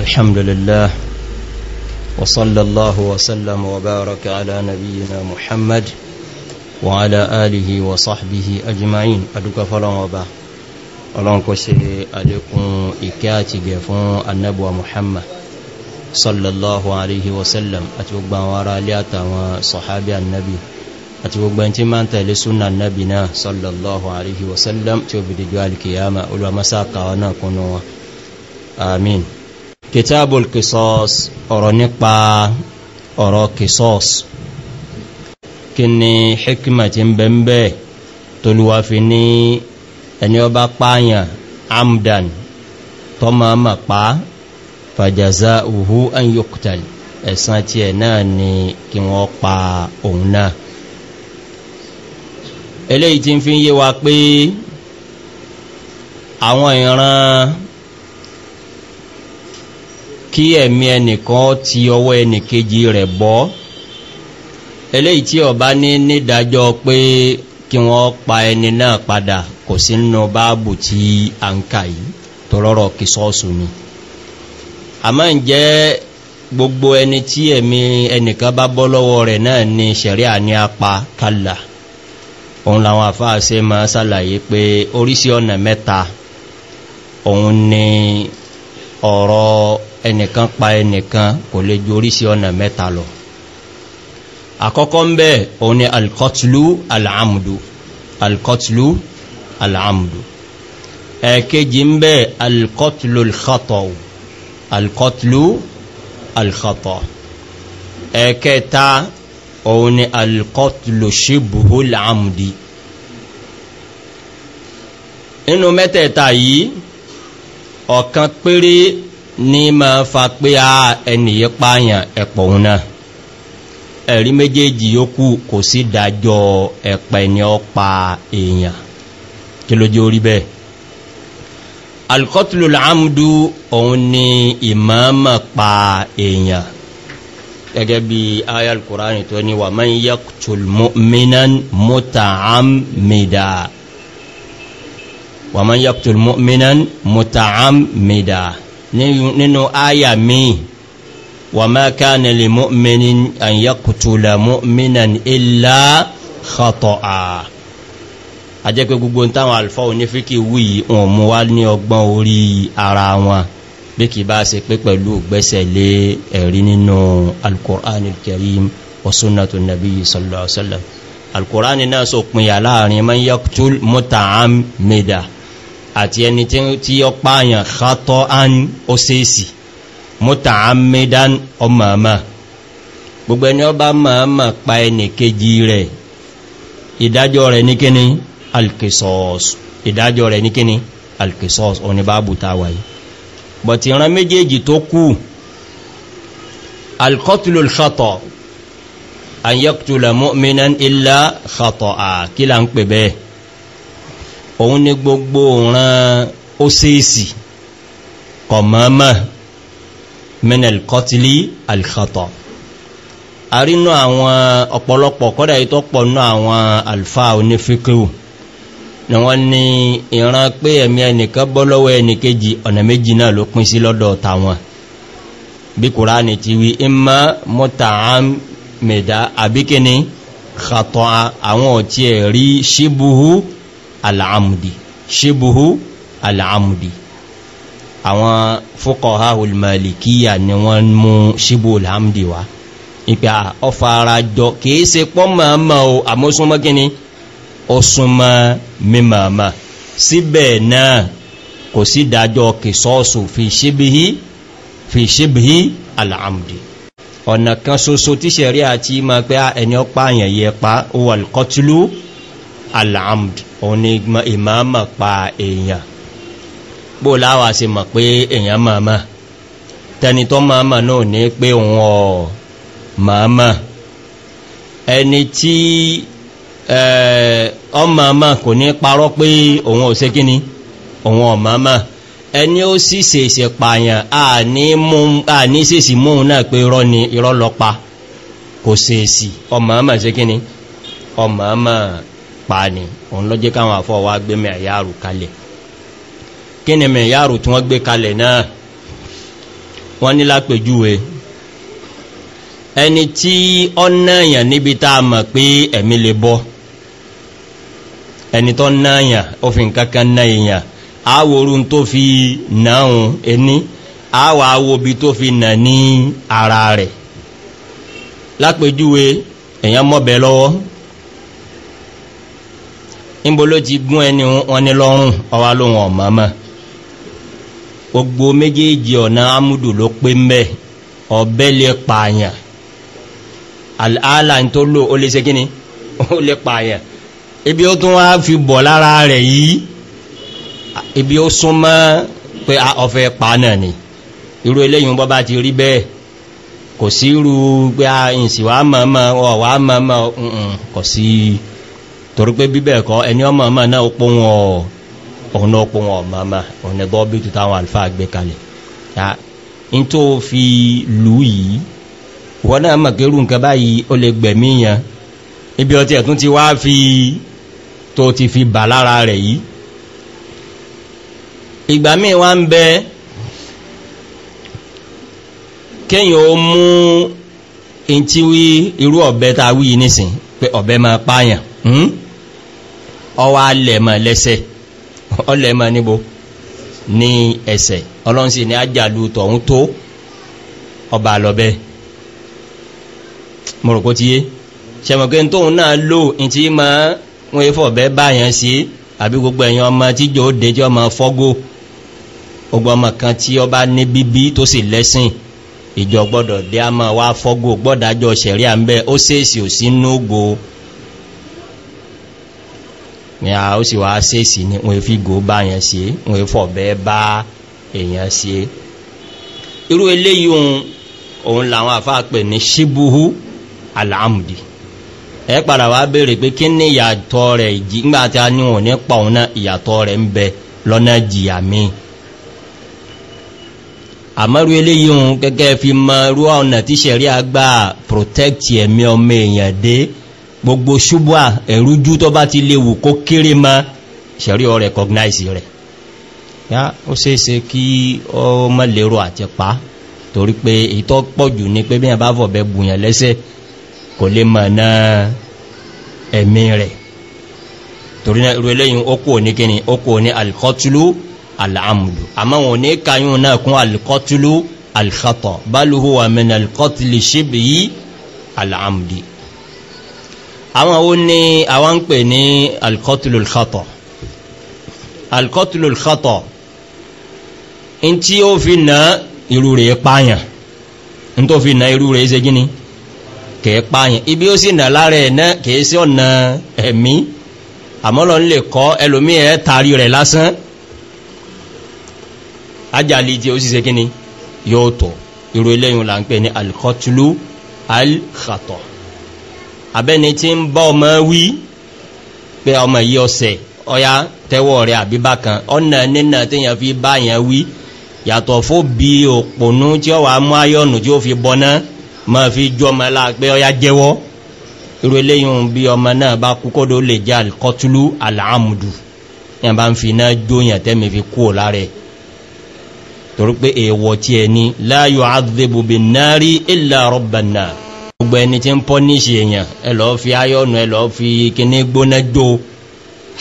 الحمد لله وصلى الله وسلم وبارك على نبينا محمد وعلى آله وصحبه أجمعين أدوك فلان وبا ọlọ́run kò ṣe àdékún ìkẹ́ àti gẹ̀ fún annabuwa muhammad sallallahu alaihi wasallam àti gbogbo àwọn ará alẹ́ àtàwọn sọ̀hábí annabi àti gbogbo ẹni tí máa ń tẹ̀lé súnà annabi náà sallallahu alaihi wasallam tí ó bìdìjú alkiyama olùwàmásá àkàwọn náà kúnnú wọn amin kitabul qisas ọ̀rọ̀ nípa ọ̀rọ̀ qisas kí ni hikima ti ń bẹ̀m̀bẹ̀ tolúwa fi ní ẹni ó bá pààyàn amdan tó máa ma pa fajaza'uhu an yuqtal ẹ̀san tí ẹ̀ náà ni kí wọ́n pa òun náà eléyìí tí ń fi yé wa pé àwọn ìran kí ẹ̀mí ẹnìkan ti ọwọ́ ẹnìkejì rẹ̀ bọ́ eléyìí tí ó bá ní nídájọ́ pé kí wọ́n pa ẹni náà padà kò sí nínú báàbù tí a ń kà yìí tó rọ́rọ̀ kì sọ́ọ̀sù ni a máa ń jẹ́ gbogbo ẹni tí ẹ̀mí ẹnìkan bá bọ́ lọ́wọ́ rẹ̀ náà ni ṣẹ̀ríà ní apá kálà òun làwọn àfáà ṣe máa ṣàlàyé pé oríṣi ọ̀nà mẹ́ta òun ni ọ̀rọ̀ ẹnìkan pa ẹnìkan kò lè jorí sí ọ̀nà mẹ́ta lọ àkọ́kọ́ ń bẹ́ òun ni alkotlu al'amdu alkotlu al'amdu ẹ̀kejì ń bẹ́ alkotlu alkhatọ̀ alkotlu alkhatọ̀ ẹ̀kẹta òun ni alkotlu shibuhu al'amdi inú mẹ́tẹ̀ẹ̀ta yìí ọ̀kan péré ní ma fa pé a ẹniyẹ pààyàn ẹ̀pọ̀ òun náà ẹ̀rí méjèèjì yókù kò sí dájọ́ ẹ̀pẹ̀ ni ọ pa èèyàn kí ló jẹ́ orí bẹ́ẹ̀ alkọ́tùlù l'ámdú òun ni ìmọ̀ọ́mọ̀ pa èèyàn gẹ́gẹ́ bí ayá alkùránì tó ní wà man yaqtul mu'minan muta'ammida nínú àyà míì wà máa kana li mu'minin an yaqtula mu'minan illa khata'a a jẹ́ pé gbogbo táwọn alfa onífíkì wí wọn mú wá ní ọgbọ́n orí ara wọn bí kì bá ṣe pé pẹ̀lú gbẹ́sẹ̀ lé ẹ̀rí nínú al-Qur'an al-Karim wa sunnatu nabiyyi náà sọ pìnyà láàrin man yaqtul muta'ammida àti ẹni tí ó pààyàn khatọ́ án ó sèèsì mọ́ta amẹ́dán ọmọọmọ gbogbo ẹni ọba mọ̀ọ́mọ̀ pa ẹni kejì rẹ̀ ìdájọ́ rẹ̀ ní kíní alkisos ìdájọ́ rẹ̀ ní kíní alkisos oní báàbù tàwà yìí bọ̀tí ìran méjèèjì tó kú alkotulul khatọ́ an yaktula mu'minan illa khata'a ń pè bẹ́ẹ̀ òun ní gbogbo òran ó sèèsì kọ̀mọ́mọ́ minel kọtili alkhatọ̀ arínú àwọn ọ̀pọ̀lọpọ̀ kọ́dà ìtọ́ pọ̀ ní àwọn alfa onífíkíwò ni wọ́n ní ìran pé ẹ̀mí ẹnìkan bọ́ lọ́wọ́ ẹnìkejì ọ̀nà méjì náà ló pín sí lọ́dọ̀ tàwọn bí kùránì ti wí imma mọ́tàán mẹ́dá àbíkíní khatọ̀ àwọn ọ̀tí ẹ̀rí ṣíbúhú al'amdi ṣebuhu al'amdi àwọn fúkọ̀há olùmọ̀lìkíyà ni wọ́n mú ṣíbò al'amdi wá ìpẹ́ ọfà ara jọ kìí se pọ́ mọ̀ọ́mọ̀ o àmúsúnmọ́ gíní ó súnmọ́ mímọ̀ọ́mọ̀ síbẹ̀ náà kò sí dájọ́ kìsọ́ọ̀sù fi ṣíbìhí fi ṣíbìhí al'amdi ọ̀nà kan ṣoṣo tíṣẹ̀rí àti ma pé ẹni ọpá àyẹ̀yẹ pa ó wà al'amd òun ni ìmáàmà pa èèyàn bó láwà sí mọ̀ pé èèyàn máa tẹni tó máa náà ní pé òun ọ̀ máa ẹni tí ọmọ ọmọ kò ní parọ́ pé òun ò sé kíní òun ọmọ ọmọ ẹni ó sì sèsè pààyàn àní sèsì móhun náà pé irọ́ ni irọ́ lọ pa kò sèsì ọmọ ọmọ sé kíní ọmọ ọmọ pa ni òun lọ jẹ́ káwọn àfọ́ wa gbé mẹ̀yàrù kalẹ̀ kí ni mẹ̀yàrù tí wọ́n gbé kalẹ̀ náà wọ́n ní lápèjúwe ẹni tí ọ́nàyàn níbi tá a mọ̀ pé ẹ̀mí lè bọ́ ẹni tó náyàn ó fi nǹkankan náyàn àwòrún tó fi náhùn ẹni àwọ̀ àwòbí tó fi nà ní ara rẹ̀ lápèjúwe èèyàn mọ́bẹ̀ lọ́wọ́ níbo ló ti gún ẹni wọn ní lọ́rùn ọwá lóhun ọ̀mọ́mọ́ gbogbo méjèèjì ọ̀nà amúdù ló pé mẹ́ ọ̀bẹ lè pààyàn àlà tó lò ó lè ṣe kíni ó lè pààyàn ibi ó tún wá fi bọ̀ lára rẹ̀ yìí ibi ó súnmọ́ pé ọ̀fẹ́ pa náà ni irú eléyìn bọ́ bá ti rí bẹ́ẹ̀ kò sí irú pé a ìsìwá mọ̀ọ́mọ́ ọ̀wá mọ̀ọ́mọ́ kò sí irú torí pé bíbẹ̀ ẹ̀kọ́ ẹni ọmọ ọmọ náà ó pọ́n wọn ọ̀hún náà pọ́n wọn ọmọ ọ̀hún ẹgbọ́ bí tó táwọn alfa gbé kalẹ̀ in tó fi lù yìí wọ́n náà mọ̀ kérù nǹkan báyìí ó lè gbẹ̀míyàn ibi ọtí ẹ̀tún ti wá fi tó ti fi bà lára rẹ̀ yìí ìgbà míì wá ń bẹ kéyàn ó mú in wí irú ọ̀bẹ ta wí nísìn pé ọ̀bẹ máa pààyàn hmm? ọwá lẹ̀mọ̀ lẹ́sẹ̀ ọlẹ̀mọ̀ níbo ní ẹsẹ̀ ọlọ́nsì ní àjàlú tọ̀hún tó ọba lọ́bẹ́ mọ̀rọ̀kó ti yé ṣẹmọ̀kẹ́ tóhun náà lò in ti ma wọ́n yí fọ̀bẹ́ báyàn sí àbí gbogbo ẹ̀yàn ọmọ tí jò dé jọ ma fọ́gó ogbọ́n ọmọ kan tí ọ bá ní bíbí tó sì lẹ́sìn ìjọ gbọ́dọ̀ dé a ma wá fọ́gó gbọ́dájọ́ sẹ̀rí à ń bẹ́ ó sèèsì ò sí nógo ni a ó sì wá sẹ́sì ní wọ́n fi gò bá yẹn sí wọ́n fọ̀bẹ́ bá èèyàn sí irú eléyìí ohun òun làwọn àfáà pè ní ṣíbúhú aláàmùdì ẹ padà wá béèrè pé kí ní ìyàtọ̀ rẹ̀ ìjì ńgbàtí a ní òun nípa òun náà ìyàtọ̀ rẹ̀ ń bẹ lọ́nà jìyà míì àmọ́rú eléyìí ohun gẹ́gẹ́ fi mọ rú ọ̀nà tí sẹ̀rí àgbà protect ẹ̀mí ọmọ èèyàn dé gbogbo ṣubúà ẹ̀rújú tó bá ti léwu kó kéré ma ṣẹ̀rí ọ recognize rẹ̀ yá ó ṣeéṣe kí ọ mọ́ lérò àti pa torí pé ìtọ́ pọ̀jù ní pé bíyàn bá fọ̀bẹ̀ bùyàn lẹ́sẹ̀ kò lè mọ̀ náà ẹ̀mí rẹ̀ torí náà ìrọ̀lẹ́yìn ó kò ní kíni ó kò ní alkọtulu al'amdu àmọ́ wọn ní kayún náà kún alkọtulu alkhata bal huwa min alkọtili ṣíbi yí al'amdi àwọn wo ni àwọn ń pè ní alkotulul khata alkotulul khata in tí ó fi na irú rẹ̀ pààyàn in tó fi na irú rẹ̀ ṣe gíní kẹ́ pààyàn ibi ó sì nà lára ẹ̀nà kìí sí ọ̀nà ẹ̀mí àmọ́lọ ń lè kọ́ ẹlòmí ẹ̀ tàrí rẹ̀ lásán ajali tí ó sì ṣe gíní yóò tọ̀ irú eléyìn là ń pè ní alkotulu abẹ́ni tí ń bá ọmọ wí pé ọmọ yí ọsẹ̀ ọya tẹ́wọ́ rẹ̀ àbíbá kan ọ̀nà nínà tí yẹn fi bá yẹn wí yàtọ̀ fó bí òpònú tí ó wà mú ayọ́nù tí ó fi bọ́ná ma fi jọ ọmọ ẹlá pé ọya jẹ́wọ́ irú eléyìn bí ọmọ náà bá kú kódó lè jẹ́ alkọtulú aláàmùdù yẹn bá ń fi iná jóyàn tẹ́mi fi kú lára torí pé èèwọ̀ tí ẹni láyọ̀ adébùbìn náà rí ìlà rọ̀bà náà gbogbo ẹni tí ń pọ́níṣì èyàn ẹlọ́ fi ayọ́nù ẹlọ́ fi kíní gbóná jó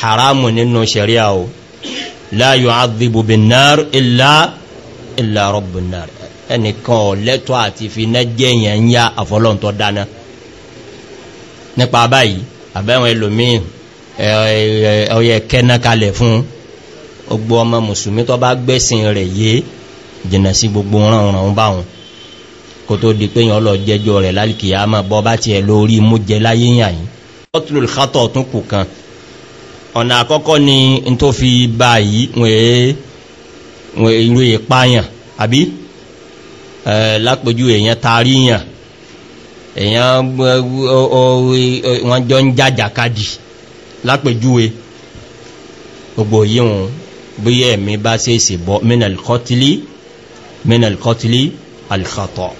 haramu nínú ṣẹ̀ríà o la yu'adhibu bin-nar illa illa rabbun nar ẹnìkan lẹ́tọ́ àti fi ná jẹ́yàn ń yá àfọlọ́ntọ́ dáná nípa báyìí àbẹ́wọn ẹlòmíì ọyẹ kẹ́ná kalẹ̀ fún gbogbo ọmọ mùsùlùmí tó bá gbẹ́sìn rẹ̀ yé jìnà sí gbogbo ránran báwọn kò tó di pé yàn lọ jẹjọ rẹ̀ lálìkìyàmà bọ́ bá ti ẹ̀ lórí mú jẹ láyé yàn yìí ọtúlù ìkátọ̀ tún kù kan ọ̀nà àkọ́kọ́ ni n tó fi bá yìí wọ́n ìlú ìpáyàn àbí lápòjú èyàn taríyàn èyàn wọ́n jọ ń jàjàkadì lápòjúwe gbogbo yíò bí ẹ̀mí bá ṣe ìsìnbọ̀ mẹ́nà alkọ́tílì alkhatọ̀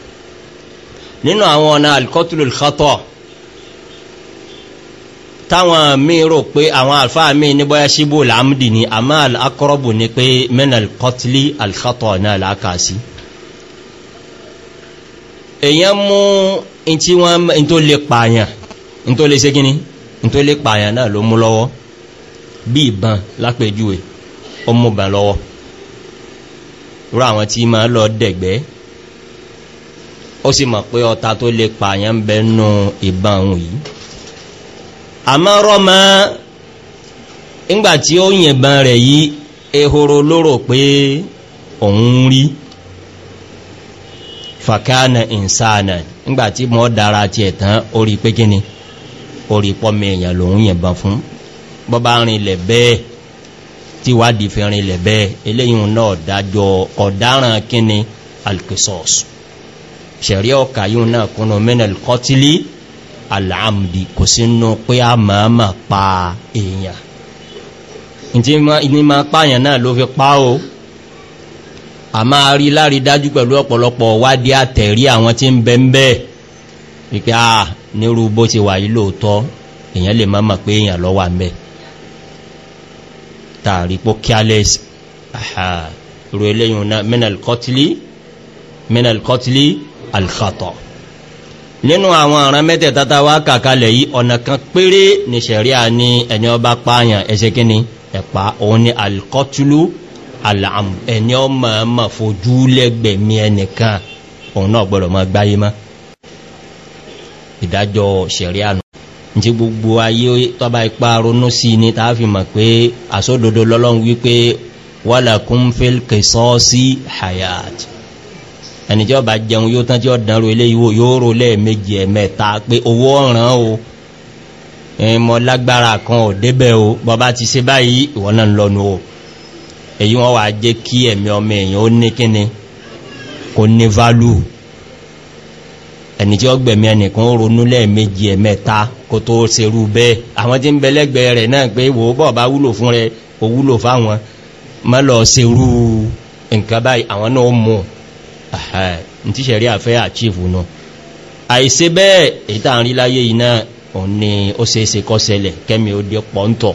nínú àwọn ọ̀nà alkotulul khatọ táwọn míì rò pé àwọn alfáà míì ní bọ́yá síbò láàmdì ni àmá al'akọrọ̀bù ni pé mẹ́nà alkotulí alkhatọ náà lákàásí èyàn mú in tí wọ́n in tó lè pààyàn in tó lè ṣe gíní tó lè pààyàn náà ló mú lọ́wọ́ bí ìbọn lápẹjúwe ó mú bàn lọ́wọ́ rú àwọn tí máa lọ dẹ̀gbẹ́ ó sì mọ̀ pé ọta tó lè pààyàn bẹ́ nù ìbọn òun yìí àmọ́ rọ́mọ ńgbàtí ó yìnbọn rẹ̀ yìí ehoro lóró pé òun rí fàkánà ìsànà ńgbàtí mọ́ dára ti ẹ̀tàn orí pé kíni orí pọ́mọ èèyàn lòun yìnbọn fún bọ́bá rìnlẹ̀ bẹ́ẹ̀ tí wádìí fi rìnlẹ̀ bẹ́ẹ̀ eléyìn náà dájọ́ ọ̀daràn kíni alkisos ṣẹ̀rí ọkà yíò náà kúnnà mẹ́nàl kọtílì al'amdi kò sí nú pé a máa ma pa èèyàn ìtí ní ma pààyàn náà ló fi pa o a máa rí lárí dájú pẹ̀lú ọ̀pọ̀lọpọ̀ wádìí àtẹ̀rí àwọn tí ń bẹ ń bẹ́ wípé a nírú bó ti wà yìí lóòótọ́ èèyàn lè máa mọ̀ pé èèyàn lọ wà mẹ́ tààrí pó careless ru eléyìn náà mẹ́nàl kọtílì alkhata nínú àwọn àrán mẹ́tẹ̀ẹ̀ta tá wá kàkalẹ̀ yìí ọ̀nà kan péré ní ṣẹ̀ríà ní ẹni ọba pààyàn ẹsẹ́ kíní ẹ̀pà òun ni alkọtulu alàmù ẹni ọmọ ọmọ fojú lẹ́gbẹ̀mí ẹnìkan òun náà gbọ́dọ̀ mọ́ gbáyé mọ́ ìdájọ́ ṣẹ̀ríà nù tí gbogbo ayé tọba ipa ronú sí ní tàà fi mọ̀ pé àsódodo lọ́lọ́run wípé walakum fil qisasi hayat ẹni tí ó bá jẹun yóò tán tí ó dánrò ilé ìwò yóò rò lẹ́ẹ̀mejì ẹ̀mẹ́ta pé owó ọ̀ràn o ìmọ̀ lágbára kan ò débẹ̀ o bọ́bá ti ṣe báyìí ìwọ náà lọ́nu o èyí wọ́n wà jẹ́ kí ẹ̀mí ọmọ èèyàn ó ní kíni kò ní válù ẹni tí ó gbẹ̀mí ẹnìkan ó ronú lẹ́ẹ̀mejì ẹ̀mẹ́ta kó tó ṣerú bẹ́ẹ̀ àwọn tí ń bẹ lẹ́gbẹ̀ẹ́ rẹ̀ náà pé wò n tí sẹ̀rí àfẹ́ àchífù nù àìsẹ bẹ́ẹ̀ ìta àrí láyé iná òní ó ṣeéṣe kọ́ ṣẹlẹ̀ kẹ́mi ó dé pọ́ntọ̀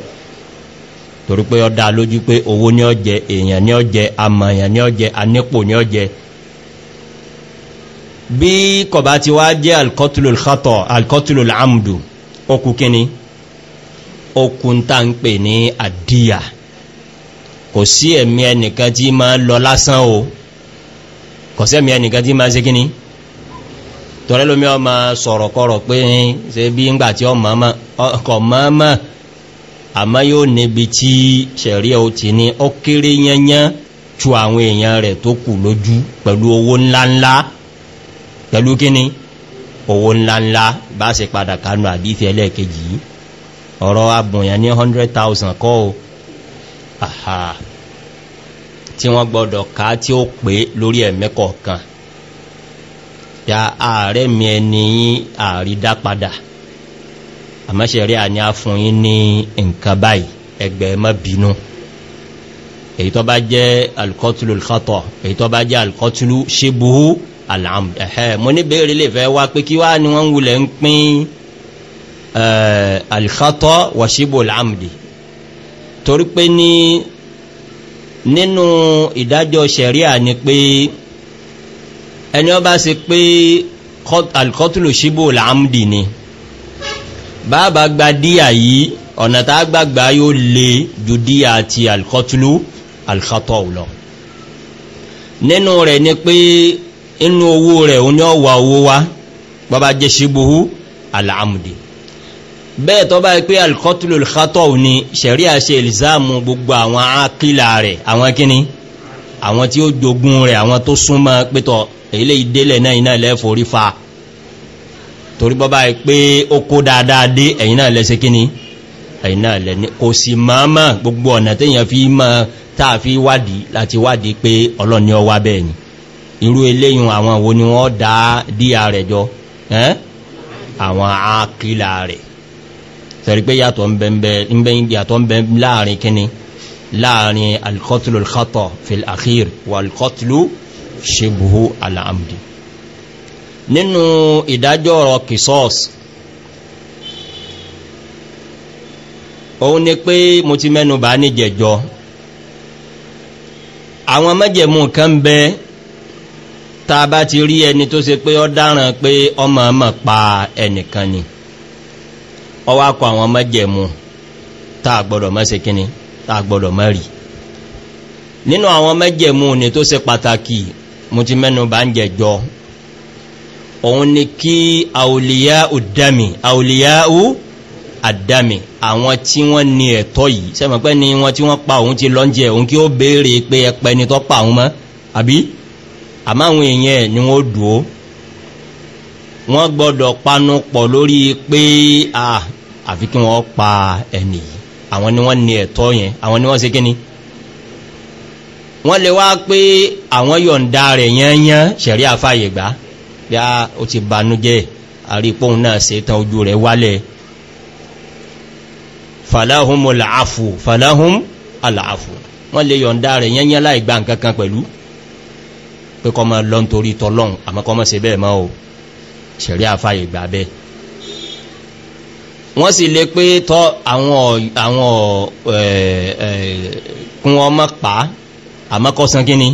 torí pé ó dá lójú pé owó ní ọjẹ́ èèyàn ní ọjẹ́ amàyàn ní ọjẹ́ anípò ní ọjẹ́ bí kọba ti wá jẹ́ alkọtulul khatọ alkọtulul amdu okùn tá ń pè ní àdíyà kò sí ẹ̀mí ẹnìkan tí máa lọ lásán o kọ̀sẹ́mì ẹnìkan tí máa ṣe kíní tọ́rẹ́ lómi ọmọ sọ̀rọ̀ kọrọ̀ pé ṣe bí ń gbà tí ọkọ̀ mọ́mọ́ àmọ́ yóò níbi tí ṣẹ̀rí ọ ti ní ó kéré yẹnyẹn ju àwọn èèyàn rẹ̀ tó kù lójú pẹ̀lú owó ńláńlá pẹ̀lú kíní owó ńláńlá bá ṣe padà kánú àdífẹ́ ẹlẹ́ẹ̀kejì ọ̀rọ̀ abùnyàn ní 100,000 kọ́ o aha tí wọ́n gbọ́dọ̀ ká tí ó pé lórí ẹ̀mí kọ̀ọ̀kan ya ààrẹ mi ẹni yín àrídá padà àmọ́ṣẹ̀ rí àní afún yín ní nǹkan báyìí ẹgbẹ́ má bínú èyí tó bá jẹ́ alkọtulu alkhata èyí tó bá jẹ́ alkọtulu ṣebuhu alhamd ẹ̀hẹ́ mo ní bèèrè lè fẹ́ wá pé kí wá ní wọ́n wulẹ̀ ń pín alkhata wa ṣebu alhamdi torí pé ní nínú ìdájọ́ sẹ̀ríà ni pé ẹni ọba ṣe pé alkọ́tùlù ṣíbò làmdì ni bàbá gba díà yìí ọ̀nà tá gbàgbà yóò lè ju díà ti alkọ́tùlù alkhatọ́ lọ nínú rẹ̀ ni pé inú owó rẹ̀ oní owó wa bàbá jẹ́ ṣíbò alàmdì bẹ́ẹ̀ tọ́ bá pé alkọ́tùlù ìkátọ̀ ní ṣẹ̀rí àṣẹ ìlìsáàmù gbogbo àwọn àkílà rẹ̀ àwọn kíní àwọn tí ó jogun rẹ̀ àwọn tó súnmọ́ pẹ́tọ̀ ilé ìdélẹ̀ náà iná lẹ́fòrí fa torí bọ́ bá pé ó kó dáadáa dé ẹ̀yìn náà lẹ́sẹ̀ kíní ẹ̀yìn náà lẹ́ni kò sì máa gbogbo ọ̀nà téèyàn fi mọ́ táà fi wádìí láti irú eléyìn àwọn wo wọ́n dá díà rẹ̀ jọ àwọn àkílà rẹ̀ sẹ̀rí pé yàtọ̀ ń bẹ láàrin kíni láàrin alkọtùlù alkhatọ̀ fil akhir wà alkọtùlù ṣebuhu al'amdi nínú ìdájọ́ ọ̀rọ̀ kìsọ́s òun ni pé mo ti mẹ́nu bá ní jẹjọ àwọn mẹ́jẹ̀mú kan bẹ ta bá ti rí ẹni tó ṣe pé ọ dáràn pé ọmọ ọmọ pa ẹnìkan ni ọwá kọ àwọn mẹ́jẹ̀mú táà gbọ́dọ̀ mẹ́sẹ̀ kíní táà gbọ́dọ̀ mẹ́rì nínú àwọn mẹ́jẹ̀mú ni tó ṣe pàtàkì mú ti mẹ́nu bá ń jẹjọ òun ni kí àwòlìyà òdámi àwòlìyà ó àdámi àwọn tí wọ́n ní ẹ̀tọ́ yìí sẹ́mọ̀pẹ́ ni wọ́n tí wọ́n pa òun ti lọ́njẹ òun kí ó béèrè pé ẹpẹ́ ni tó pa òun mọ́ àbí àmáwọn èèyàn ni wọ́n dùn ó wọ́n gbọ́dọ̀ panu pọ̀ lórí pé àfi kí wọ́n pa ẹni àwọn ni wọ́n ní ẹ̀tọ́ yẹn àwọn ni wọ́n ṣe kíní wọ́n lè wá pé àwọn yọ̀ǹda rẹ̀ yányán ṣẹ̀rí àfáyè gbá bí ó ti banújẹ́ àrípóhun náà ṣe tán ojú rẹ̀ wálẹ̀ falahum al'afu falahum al'afu wọ́n lè yọ̀ǹda rẹ̀ yányán láì gba nǹkan kan pẹ̀lú pé kó má lọ nítorí tọlọ́run àmọ́ kó bẹ́ẹ̀ mọ́ o ṣẹ̀rí àfàyè gbà bẹ́ẹ̀ wọ́n sì lè pé tọ́ àwọn kún ọmọ pa àmọ́ kọsàn kíní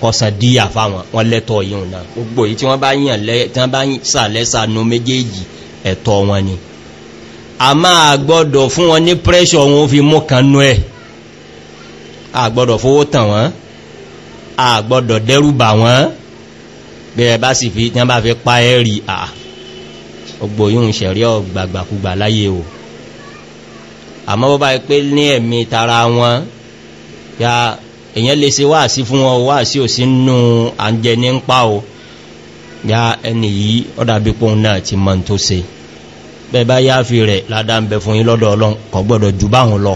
kọsàn dí àfáwọn wọ́n lẹ́tọ̀ yíò náà gbogbo èyí tí wọ́n bá yàn tí wọ́n bá sàlẹ́sànú méjèèjì ẹ̀tọ́ wọn ni a máa gbọ́dọ̀ fún wọn ní pressure wọn fi mú kanú ẹ̀ a gbọ́dọ̀ fowó tàn wọ́n a gbọ́dọ̀ dẹ́rùbà wọ́n bẹ̀rẹ̀ bá sì fi tí wọ́n bá fi pa ẹ́rì à ọgbò yíò ń ṣẹ̀rí ọgbàgbàkúgbà láyé o àmọ́ bó bá pé ní ẹ̀mí tara wọn ya èyàn lè ṣe wáàsí fún wọn wáàsí ò sí nú àjẹ ní ń pa o ya ẹni yìí ọdàbí pohun náà ti mọ́ tó se bẹ́ẹ̀ bá yá fi rẹ̀ ládá ń bẹ fún yín lọ́dọ̀ ọlọ́run kò gbọ́dọ̀ jù báhùn lọ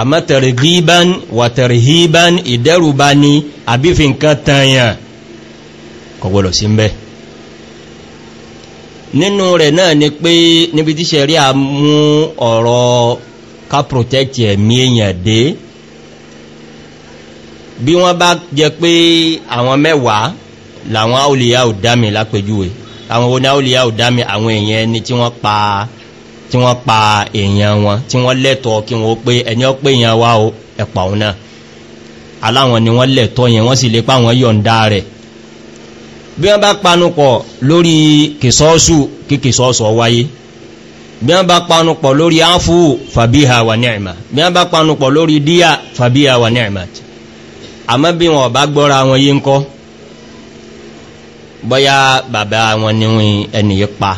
àmọ́ tẹ̀rẹ̀ gíbán wà tẹ̀rẹ̀ híbán ìdẹ́rùbá ni àbífi nǹkan tanyàn ọgbọ̀lọ̀ sí mẹ́ nínú rẹ̀ náà ni pé níbi tí ṣẹ̀rí à mú ọ̀rọ̀ ká protect ẹ̀mí èèyàn dé bí wọ́n bá jẹ pé àwọn mẹ́wàá làwọn áòlìyà ò dámi lápẹjúwe àwọn oní áòlìyà ò dámi àwọn èèyàn ẹni tí wọ́n pa tí wọ́n pa èèyàn wọn tí wọ́n lẹ́tọ̀ọ́ kí wọ́n pé ẹni ọ pé èèyàn wá ẹ̀pà òun náà aláwọn ni wọ́n lẹ́tọ̀ọ́ yẹn wọ́n sì lè pa àwọn yọ̀ǹda rẹ̀ bí wọ́n bá panupọ̀ lórí kìsọ́ọ̀sù kí kìsọ́ọ̀sọ̀ wáyé bí wọ́n bá panupọ̀ lórí áfù fàbíhà wà ni'ma bí wọ́n bá panupọ̀ lórí díyà fàbíhà wà ni'ma àmọ́ bí wọ́n bá gbọ́ra wọn yí ń kọ́ bọ́yá bàbá wọn ni ẹniyí pa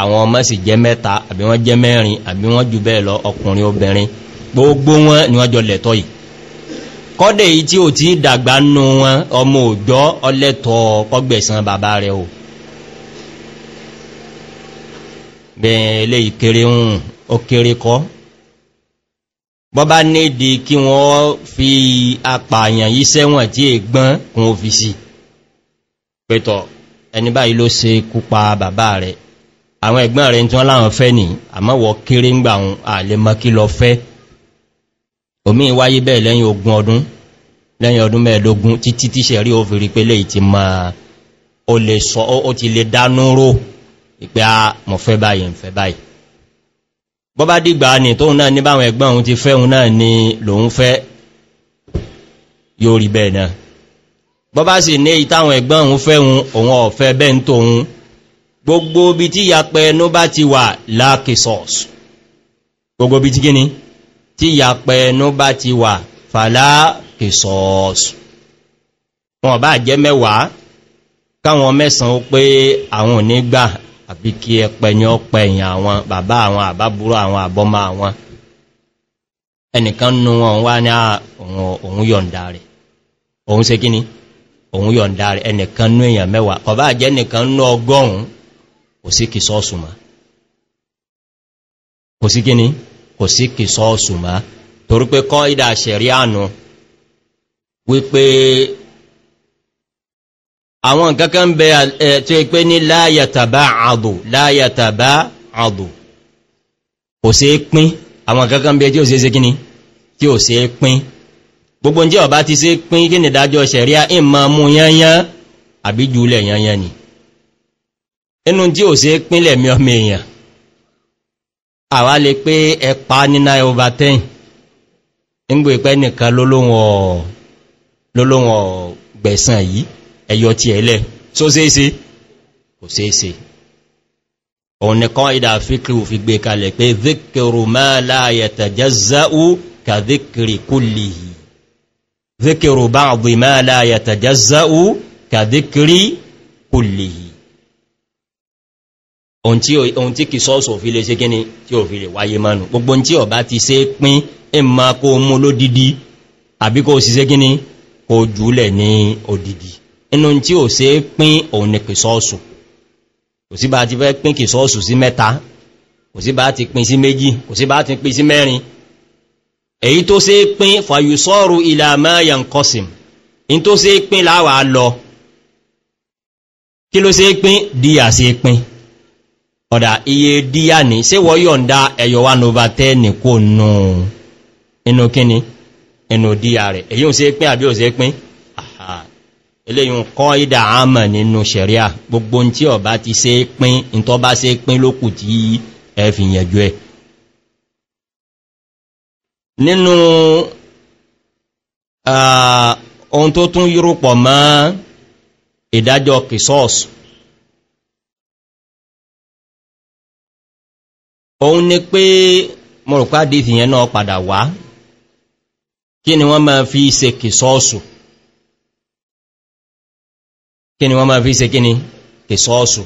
àwọn ọmọ sì jẹ́ mẹ́ta àbí wọ́n jẹ́ mẹ́rin àbí wọ́n jù bẹ́ẹ̀ lọ ọkùnrin obìnrin gbogbo wọn ni wọ́n jọ lẹ̀tọ́ yìí kọ́dẹ̀ yìí tí ò tí dàgbà nù wọn ọmọ òjọ́ ọlẹ́tọ̀ kọgbẹ̀sán bàbá rẹ̀ o bẹ̀rẹ̀ ilé ìkéré hùn ó kéré kọ́ bọ́bá nídi kí wọ́n fi apààyàn yí sẹ́wọ̀n tí è gbọ́n kún òfìsì pẹ̀tọ̀ ẹni báyìí ló se kúpa bàbá rẹ̀ àwọn ẹ̀gbọ́n rẹ̀ tí wọ́n láwọn fẹ́ nì àmọ́wọ̀ kéré ń gbà àlemọ́kí lọ fẹ́ omi wáyé bẹ́ẹ̀ lẹ́yìn ogun ọdún lẹ́yìn ọdún mẹ́ẹ̀dógún títí tí ṣe rí ó fi rí pé lè ti ma o lè sọ ó ti lè dánúrò ìpé a ah, mọ̀ fẹ́ báyìí ń fẹ́ báyìí bọ́ bá dìgbà ní tóun náà ní ẹgbẹ́ òun ti fẹ́un náà ni lòun fẹ́ yóò rí bẹ́ẹ̀ náà bọ́ bá sì ní ìtàwọn ẹgbẹ́ òun fẹ́un òun ọ̀fẹ́ bẹ́ẹ̀ ń tóun gbogbo bí tí ìyapẹ́ ẹnu bá ti wà láàkìsọ̀ọ̀sù gbogbo bí tí gíní tí yàpẹ ẹnu bá ti wà fàlá kìsọ̀ọ̀sù wọn bá jẹ́ mẹ́wàá káwọn mẹ́sàn ó pé àwọn onígbà àbí kí ẹpẹ ni ó pẹ̀yìn àwọn bàbá àwọn àbábúrò àwọn àbọ́mọ àwọn ẹnìkan nú wọn wá ní òun yọ̀ǹda rẹ̀ òun ṣe kíní òun yọ̀ǹda rẹ̀ ẹnìkan nú èèyàn mẹ́wàá kọ̀bá jẹ́ nìkan nú ọgọ́rùn-ún kò sí kìsọ́ọ̀sù mọ́ kò sí kíní kò sí kì sọ́ọ̀sù má torí pé kọ́ ìdá ṣẹ̀rí ànú wípé àwọn kankan bẹ tí pé ní láyàtàbá àdù láyàtàbá àdù kò sí pín àwọn kankan bẹ tí ó sí kíní tí ó sí pín gbogbo jẹ́ ọ̀bá ti sí pín kí ni dájọ́ ṣẹ̀rí ìmọ̀ mú yányán àbí jùlẹ̀ yányán ni inú tí ó sí pínlẹ̀ mi ọmọ èèyàn àwá lè pé ẹ̀pá ní 9 over 10 nígbò ìpẹ́ nìkan lólóhun ọ̀gbẹ̀sàn yìí ẹ̀yọ ti ẹ̀lẹ̀ só séèsé kò séèsé òun nìkan ìdà fíkì òfin gbé kalẹ̀ pé zíkìrù máa láàyẹ̀tẹ̀ jẹ́ ka zíkìrì kúlì zíkìrù báàbì máa ohun tí kì sọ́ọ̀sù ò fi lè ṣe gíní tí ò fi lè wáyé mánu gbogbo tí ọ̀bá ti ṣe pín ìmá kó mú lódìdí àbí kó sì ṣe gíní kó jùlẹ̀ ní òdìdí inú tí ò ṣe pín òun ni kì sọ́ọ̀sù kò sí bá ti fẹ́ pín kì sọ́ọ̀sù sí mẹ́ta kò sí bá ti pín sí méjì kò sí bá ti pín sí mẹ́rin èyí tó ṣe pín fàyùsọ́rù ilẹ̀ àmẹ́yàn kọsìm in tó ṣe pín láwàá lọ kí ló ṣe pín díà ṣe pín ọ̀dà iye díyà ní ṣe wọ́ yọ̀nda ẹ̀yọ̀ wà nova 10 ní kò nù inú kíni inú díyà rẹ̀ èyí ò ṣe pín àbí ò ṣe pín eléyìn kọ́ ìdà àmà nínú sẹ̀ríà gbogbo tí ọba ti ṣe pín ìntọ́ bá ṣe pín lókù tí ẹ fi yẹ̀jú ẹ̀ ìdájọ́ kìsọ́ọ̀sù òun ni pé mo rò pàdé ìfìyàn náà padà wá kí ni wọ́n máa fi ṣe kì sọ́ọ̀sù kí ni wọ́n máa fi ṣe kí ni kì sọ́ọ̀sù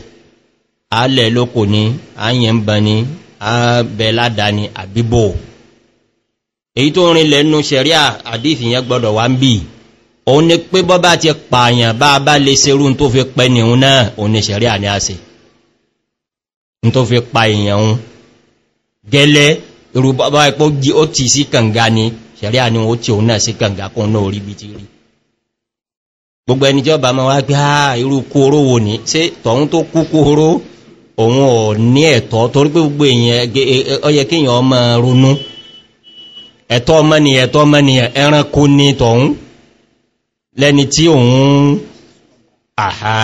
alẹ́ lókò ní àyẹ̀mbà ní abẹ́ládà ní àbíbò èyí tó rin lẹ́nu sẹ̀ríà àdífìyàn gbọ́dọ̀ wá ń bí òun ni pé bọ́ bá ti pààyàn bá bá lè serú tó fi pẹ́ nìhun náà òun ni sẹ̀ríà ní àṣẹ tó fi pa èèyàn gẹ́lẹ́ irú bàbá ipò jí ó ti sí kànga ni ṣẹ̀rí àní ó tí òun náà sí kànga kún náà orí bí ti rí gbogbo ẹni tí ó bá ma wá gbé àà irú kóró wò ní ṣe tọ̀hún tó kú kóró òun ò ní ẹ̀tọ́ torí pé gbogbo èèyàn ọyẹ e, e, kíyàn ọmọ ronú ẹ̀tọ́ ọmọni ẹ̀tọ́ ọmọni ẹranko ní tọ̀hún lẹ́ni tí òun àhà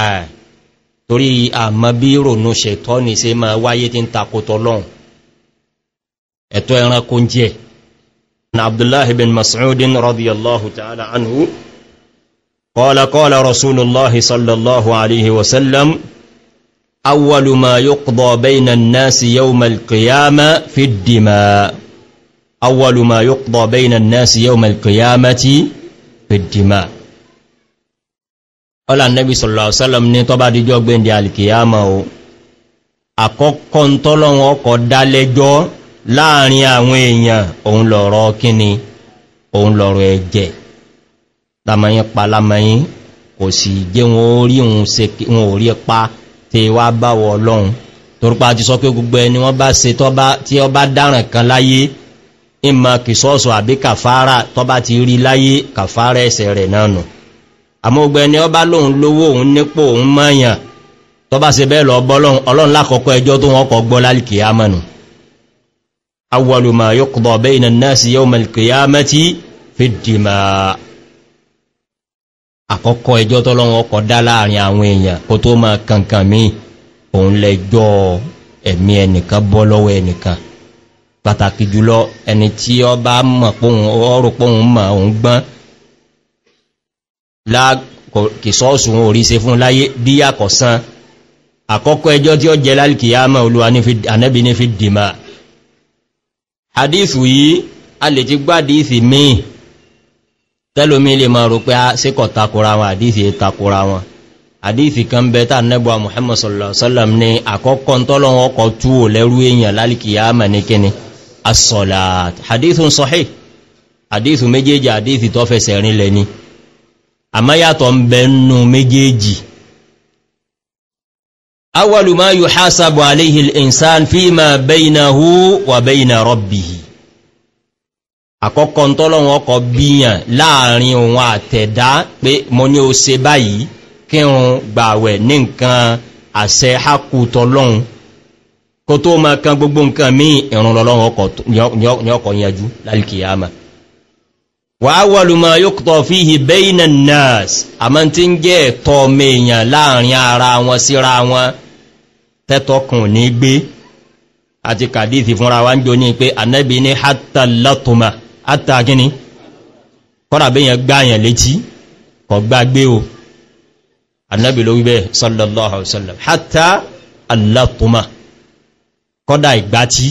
torí àmọ́ bí ronú ṣètọ́ ní ṣe máa wáyé tí ń takò tọ́lọ́hun ẹ̀tọ́ ẹranko jẹ́ na abdullahi bin mas'udin radiyallahu ta'ala anhu qala qala rasulullahi sallallahu alaihi wasallam awwalu ma yuqda bayna an-nasi yawm al-qiyama fi ad-dima awwalu ma yuqda bayna an-nasi yawm al-qiyamati fi ad-dima ọlá nabi sallallahu alaihi wasallam ní tọ́bá díjọ́ gbẹ́ndẹ̀ al-qiyama o àkọ́kọ́ ń tọ́lọ́wọ́ ọkọ̀ dálẹ́jọ́ láàrin àwọn èèyàn òun lọ̀rọ̀ kíni òun lọ̀rọ̀ ẹ̀jẹ̀ lámọ́yín pa lámọ́yín kò sì jẹ́ wọn orí wọn orí pa tí wá báwọ ọlọ́run torípa ti sọ pé gbogbo ẹni wọ́n bá se tí ọ bá dáràn kan láyé ìmọ̀ kìsọ́ọ̀sọ̀ àbí kàfàárà tọ́ bá ti rí láyé kàfàárà ẹsẹ̀ rẹ̀ náà nù àmọ́ ọ bá lóun lówó òun nípò òun mọ́yàn tọ́ bá se bẹ́ẹ̀ lọ bọ́lọ́run ọlọ́run lákọ̀ọ́kọ́ ẹjọ́ tó wọ́n kọ gbọ́ lálìkìyàmọ̀nù awwalu ma yuqda bayna an-nasi yawm al-qiyamati fi ad-dima àkọ́kọ́ ẹjọ́ tọ́lọ́run ọkọ̀ dá láàrin àwọn èèyàn kó tó máa kankan mi òun lẹ́jọ́ ẹ̀mí ẹnìkan bọ́ lọ́wọ́ ẹnìkan pàtàkì jùlọ ẹni tí ọ bá mọ̀ pohun ọrọ̀ pohun mọ̀ òun gbọ́n kìsọ́ọ̀sù àkọ́kọ́ ẹjọ́ tí ó jẹ lálìkìyàmọ̀ olúwa ní fi dìmá àdífù yìí a lè ti gbá àdífì míì tẹ́lómi lè máa rò pé a ah, síkọ̀ takora wọn àdífì takora wọn àdífì kan bẹ tàà nẹ́bọ̀ Muhammad sallallahu alaihi wasallam ní àkọ́kọ́ tọ́lọ́wọ́ ọkọ̀ tú ò lẹ́rú èèyàn lálìkìyàmà ní kíni as-salat ni àmáyàtọ̀ ń bẹ nù awwalu ma yuhasabu alayhi al-insan fi ma baynahu wa bayna rabbih àkọ́kọ́ ntọ́lọ́run ọkọ̀ bíyàn láàrin òun àtẹ̀dá pé mo ní ó ṣe báyìí kírun gbàwẹ̀ ní nǹkan àṣẹ hákù tọ́lọ́run kò tó ma kan gbogbo nǹkan míì ìrun lọ́lọ́run ọkọ̀ yanjú lálìkìyàmà wa awwalu ma yuqta fihi tẹ́tọ́kùn ní gbé àti kàdífì fúnra wá ń jò ní pé anẹ́bì ní hátà látọ́mà hátà gíní kọ́nà bí yẹn gbáyàn létí o anẹ́bì ló wíbẹ̀ sallallahu alaihi wasallam hátà látọ́mà kọ́dà ìgbátí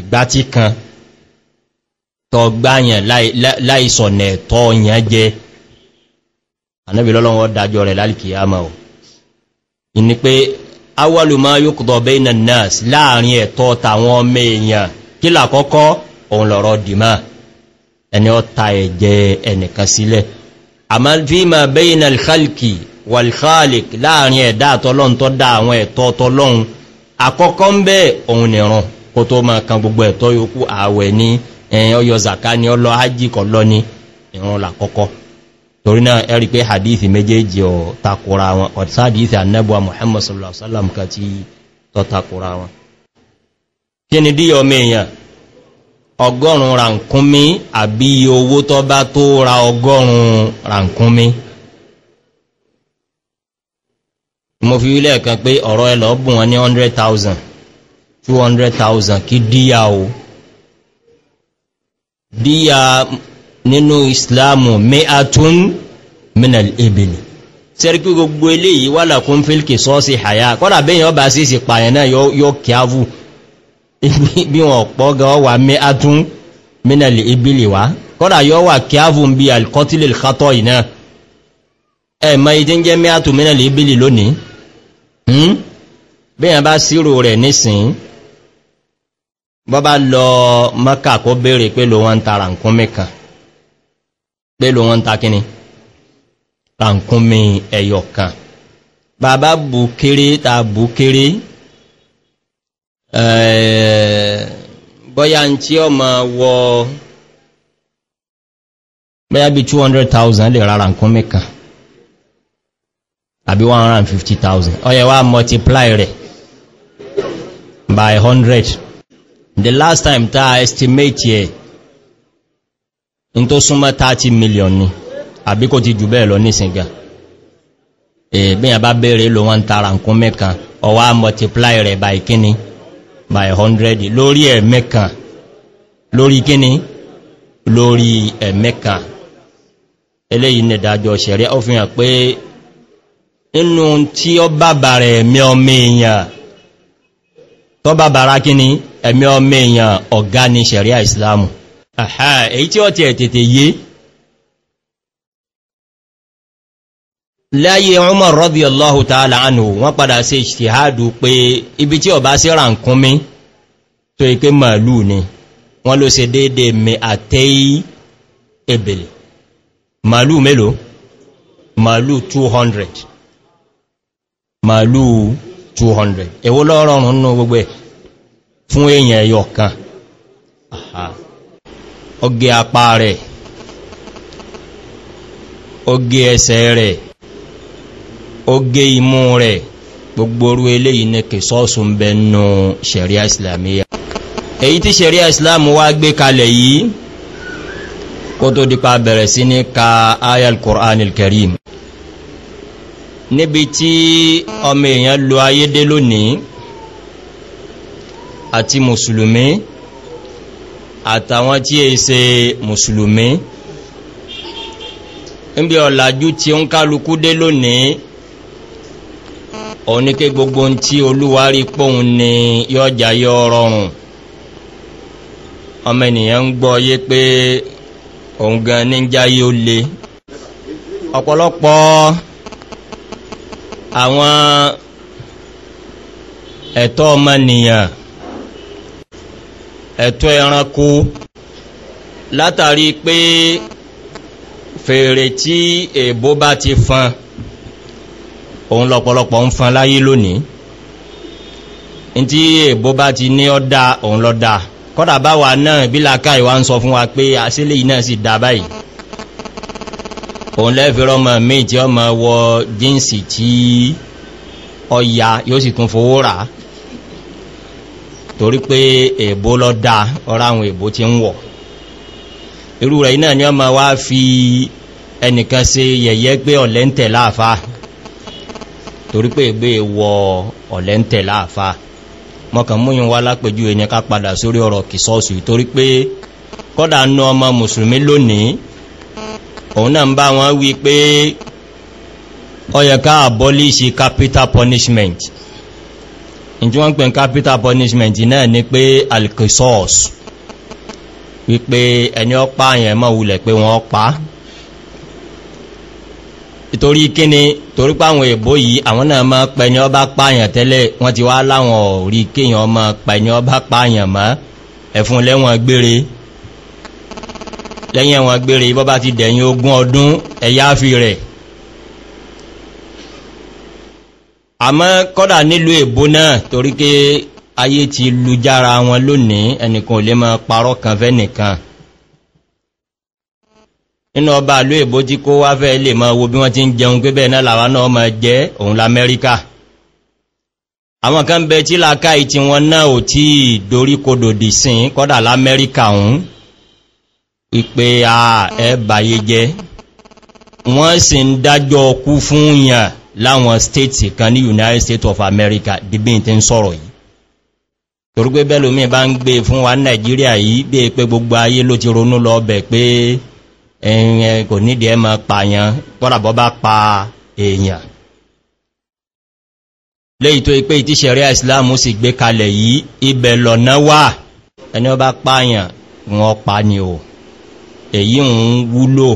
ìgbátí kan tọ gbáyàn láìsọ̀nẹ̀ tọ́ yẹn jẹ anẹ́bì lọ́lọ́wọ́ dájọ́ rẹ̀ lálìkìyàmọ̀ ò pé awalùmọ́ yókùtọ̀ bẹ́ẹ̀nà nas láàrin ẹ̀tọ́ tàwọn ọmọ èèyàn kí làkọ́kọ́ òun lọ̀rọ̀ dìmá ẹni ọta ẹ̀jẹ́ ẹnìkan sílẹ̀ àmá fi ma bẹ́ẹ̀nà alkhalki ma kan gbogbo ẹ̀tọ́ yókù ààwẹ̀ ní ẹ̀yàn ọyọ zaka ni ọlọ́ ájì lọ ní ìran làkọ́kọ́ torí náà ẹ̀rí pé hadithi méjèèjì ọ̀ takura wọn ọ̀tí hadithi annabuwa muhammad sallallahu alaihi wasallam ka ti tọ́ takura wọn kí ni díyọ mẹ́yàn ọgọ́rùn ràǹkúnmí àbí owó tọ́ bá tó ra ọgọ́rùn ràǹkúnmí mo fi wílẹ̀ kan pé ọ̀rọ̀ ẹlọ́bùn wọn ní 100,000 200,000 kí díyà o díyà nínú islamu mi'atun minal ibini sẹ́ríkí gbogbo eléyìí wà lákún fílkì sọ́ọ̀sì àyà kọ́lá bẹ́yìn ọba sí sí pààyàn náà yóò kíávù bí wọn pọ̀ gan wà mi'atun minal ibili wá kọ́lá yóò wà kíávù bí alkotilil khatọ́ iná ẹ̀mọ́ ìdí jẹ́ mi'atun minal ibili lónìí hmm? bẹ́yàn bọ́bá lọ mọ́kà kó béèrè pé lò wọ́n ń tara nǹkan mẹ́kan pẹ́lú wọn takini pàǹkúnmi ẹ̀yọ̀ kan bàbá bù kéré ta bù kéré bọ́yá ń tí ọ ma wọ bẹ́yà bí 200,000 lè rárá nǹkan mẹ́kan àbí 150,000 ọyẹ wá multiply rẹ̀ by 100 the last time ta estimate yẹ n tó súnmọ́ 30 million ni àbí kò ti jù bẹ́ẹ̀ lọ nísìnga ẹ̀bí eh, àbá bẹ̀rẹ̀ ló wọ́n tara nǹkan mẹ́kan ọwá multiply rẹ̀ by kíní by 100 lórí ẹ̀mẹ́kan lórí kíní lórí ẹ̀mẹ́kan eléyìí ní ìdájọ́ ṣẹ̀rẹ́ ó fi hàn pé inú tí ó bàbà rẹ̀ ẹ̀mí ọmọ èèyàn tó bàbà rá ẹ̀mí ọmọ èèyàn ọ̀gá ní ṣẹ̀ríà ìsìláàmù àhá èyí tí ó ti ẹ̀tẹ̀tẹ̀ yé láyé Umar radiyallahu ta'ala anhu wọ́n padà ṣe ijtihadu pé ibi tí ọba bá sí ràǹkúnmí tó ike màálù ni wọ́n ló ṣe déédé mi àtẹ́yí ebèlè màálù mélòó màálù 200 màálù 200 èwo ló rọrùn nínú gbogbo ẹ̀ fún èèyàn ẹyọ kan àhá ọgẹ apá rẹ̀ ọgẹ ẹsẹ̀ rẹ̀ ọgẹ imú rẹ̀ gbogbo orú eléyìí ní kìsọ́ọ̀sù ń bẹ nù ṣẹ̀ríà islamiyya èyí tí ṣẹ̀ríà islam wá gbé kalẹ̀ yìí kó tó dípa bẹ̀rẹ̀ sí ní ka ayal qur'an al-karim níbi tí ọmọ èèyàn lo ayédé lónìí àti mùsùlùmí àtàwọn tí è ṣe mùsùlùmí níbi ọ̀làjú tí ó ń kálukú dé lónìí òun ní ké gbogbo tí olúwarí pòun ni yọjà yọ rọrùn ọmọ ènìyàn ń gbọ́ yé pé òun gan ní jáyé ó le ọ̀pọ̀lọpọ̀ àwọn ẹ̀tọ́ ọmọ ènìyàn ẹ̀tọ́ ẹranko látàrí pé fèrè tí èbó bá ti fan òun lọ́pọ̀lọpọ̀ ń fan láyé lónìí tí èbó bá ti ní ọ́dá òun da kọ́dà bá wà náà bí láká ìwà ń sọ fún wa pé àsílẹ̀ iná sì dá báyìí òun lẹ́fẹ̀ẹ́ ọmọ mi tí ọmọ wọ jíǹsì tí ọya yóò sì tún fowó ràá torí pé èbó lọ dáa ọ́rá àwọn èbó ti ń wọ̀ irú rẹ̀ iná ni ọ ma wá fi ẹnìkan se yẹ̀yẹ́ pé ọ̀lẹ́ láàfá torí pé ègbé e wọ ọ̀lẹ́ láàfá mọ́kàn lápẹjú ẹni ká padà sórí abolish capital punishment ìjú wọ́n ń pè ń capital punishment náà ni pé alkisos wípé ẹni ọpa àyàn mọ́ wulẹ̀ pé wọ́n pa ìtorí kíni torí páwọn èbó yìí àwọn náà máa pẹni ọba pààyàn tẹ́lẹ̀ wọ́n ti wá láwọn orí kíyàn ọmọ pẹni ọba pààyàn mọ́ ẹ̀fún lẹ́wọ̀n gbére lẹ́yìn ẹ̀wọ̀n gbére bọ́bá ti dẹ̀yìn ogún ọdún ẹ̀yà fi rẹ̀ àmọ́ kọ́dà nílùú èbó náà torí pé ayé ti lù jára wọn lónìí ẹnìkan ò lè máa parọ́ kan fẹ́ nìkan nínú ọba ìlú èbó tí kó wá fẹ́ lè máa wo bí wọ́n ti ń jẹun pé bẹ́ẹ̀ náà làwa náà máa jẹ́ òun lamẹ́ríkà àwọn kan bẹ tí làkà ìtí wọn náà ò tí ìdoríkodò dì sín kọ́dà lamẹ́ríkà òun ìpé à ẹ́ bàyé jẹ́ wọ́n sì ń dájọ́ ọkú fún yàn láwọn states kan ní united states of america dìbí tí ń sọ̀rọ̀ yìí torípé bẹ́lómi bá ń gbé e fún wa nàìjíríà yìí bí i pé gbogbo ayé ló ti ronú lọ bẹ̀ pé ẹ̀yìn kò nídìí ẹmọ pààyàn pọ́làbọ́ bá pa èèyàn léyìí tó ipé tí sẹ̀ríà islam sì gbé kalẹ̀ yìí ibẹ̀ lọ̀nà wà ẹni ọba pààyàn wọn pa ni ò èyí ń wúlò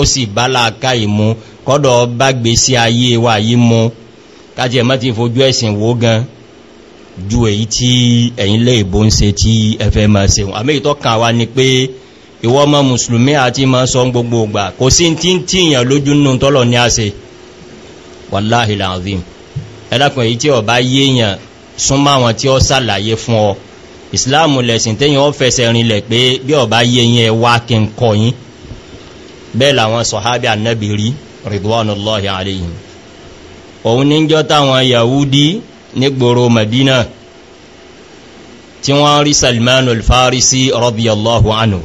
ó sì bá láàká ìmú kọ́dọ̀ bá gbé sí ayé wa yí mú kájí ẹ̀mọ́ ti fojú ẹ̀sìn wó gan ju èyí tí ẹ̀yin lè bó ń ṣe tí ẹfẹ́ máa ṣe wọn àmì ìtọ́kàn wa ni pé ìwọ ọmọ mùsùlùmí àti ma sọ gbogbo ògbà kò sí tí ń tíyàn lójú nù tọ́lọ̀ ní àṣẹ wàláhì láàrín ẹlákùn èyí tí ọ bá yéèyàn súnmọ́ àwọn tí ó sàlàyé fún ọ ìsìláàmù lẹ̀sìn tẹ́yìn ó fẹsẹ̀ rinlẹ̀ pé bí ọ bá yéèyàn ẹwà kí ń kọyín bẹ́ẹ̀ làwọn sọ̀hábí ànẹ́bì rí ridwanullahi alayhim òun ní jọ táwọn yahudi nígboro madina tí wọ́n rí salmanu alfarisi radiyallahu anhu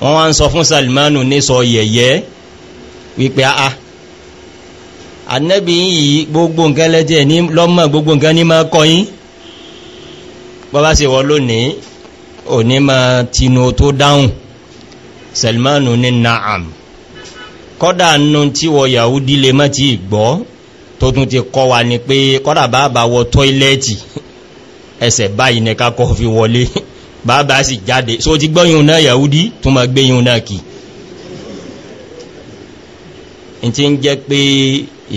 wọ́n wá ń sọ fún salmanu ní sọ yẹ̀yẹ́ wípé a annabi yìí gbogbo nǹkan lẹ́jẹ̀ ní lọ́mọ gbogbo nǹkan ní máa kọyín bọ́bá sì wọ́n lónìí òní máa tó dáhùn salmanu ní na'am kọ́dà nù tí wọ yàúdí lè mọ́ ti gbọ́ tó tún ti kọ́ wa ni pé kọ́dà bàbá wọ tọ́ílẹ̀tì ẹsẹ̀ báyìí ní kakọ́ fi wọlé bàbá sì jáde so ti gbọ́yìn náà yàúdí tó ma gbéyìn náà kì in ti ń jẹ́ pé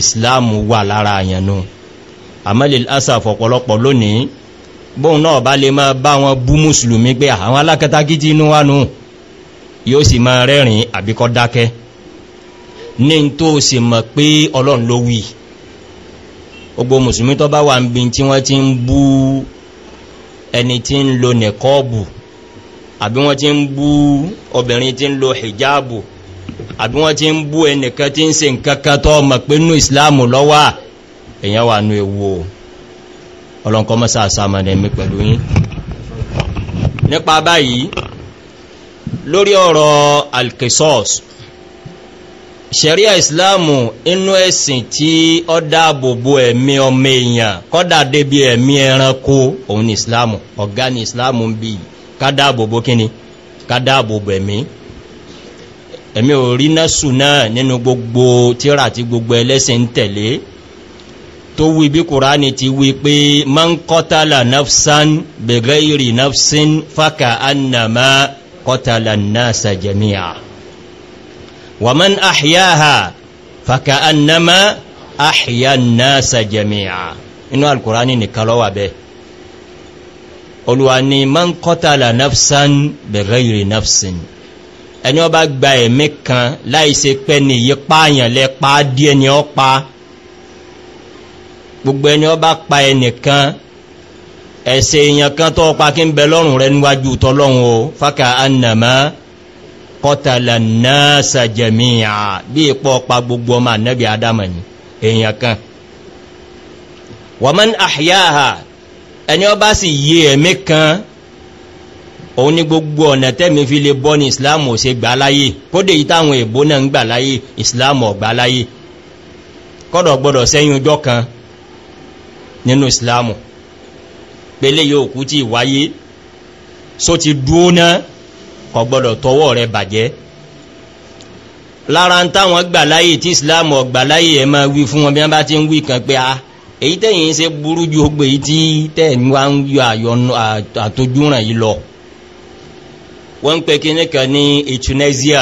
islam wà lára àyànnú àmọ́lè asaf ọ̀pọ̀lọpọ̀ lónìí bóun náà bá lè máa bá wọn bú mùsùlùmí pé àwọn alákatakí ti inú wánu yóò sì máa rẹ́rìn àbíkọ́ dákẹ́ ní tó sì mọ̀ pé ọlọ́run ló wí gbogbo mùsùlùmí tó bá wà ń bí tí wọ́n ti ń bú ẹni tí ń lo nẹ̀kọ́ọ̀bù àbí wọ́n ti ń bú obìnrin tí ń lo hijabu àbí wọ́n ti ń bú ẹnìkan tí ń ṣe nǹkankan tó mọ̀ pé nú ìsìláàmù lọ́wà èyàn wà nú ewu ọlọ́nkọ́ mọ́sá àsàmọ̀nẹ̀mí pẹ̀lú yín nípa báyìí lórí ọ̀rọ̀ alkesos ṣẹ̀ríà ìsìláàmù inú ẹ̀sìn tí ọ dáàbòbò ẹ̀mí ọmọ èèyàn kọ́dà débi ẹ̀mí ẹranko òun ni ìsìláàmù ọ̀gá ni ìsìláàmù ń bí kádàbòbò kíni kádàbòbò ẹ̀mí ẹ̀mí ò rí násù náà nínú gbogbo tíra tí gbogbo ẹlẹ́sìn tẹ̀lé tó wí bí kùránì ti wí pé man kọ́tàlà nafsan bẹ̀gẹ́ ìrì nafsin fákà annama kọ́tàlà nasa jami'a ومن àhíyáha fàkà annama الناس جميعا. jami'a inú alkùránì nìkan lọ́wà bẹ́ olùwà ni man qatala nafsan bighayri nafsin ẹni ó bá gba ẹ̀mí kan láìṣe pẹ́ ni yí pààyàn lẹ pa díẹ̀ ni ó gbogbo ẹni ó pa ẹnìkan ẹ̀ṣẹ̀ èèyàn kan tó pa kí ń bẹ lọ́rùn rẹ̀ níwájú tọ́lọ́run o fákà annama kọtàlà náà sàjẹ̀míyà bí ipò ọpa gbogbo ọmọ ànẹ́bì adama ni èèyàn kan wọ́n àhíyáha ẹni ọ bá sì yí ẹ̀mí kan òun ni gbogbo ọ̀nà tẹ́mi fi lè bọ́ ní islamu ò se gbà láyé kódè ìtàwọn èbó náà ń gbà láyé islamu ọ̀gbà láyé kọ́dọ̀ gbọ́dọ̀ sẹ́yìn ọjọ́ kan nínú islamu pẹ̀lẹ́ yóò kú ti wáyé só ti dúó náà kò gbọ́dọ̀ tọwọ́ rẹ̀ bàjẹ́ lára ń táwọn gbàláyè tí islam ọgbàláyè ẹ máa wí fún wọn bí wọn bá ti ń wí kan pé a ah, èyí tẹ̀yìn ṣe burú ju ogbe èyí tí tẹ̀yìn wá ń yọ àyọnu àtojúràn yìí lọ wọ́n ń pe kíní kan ní tunisia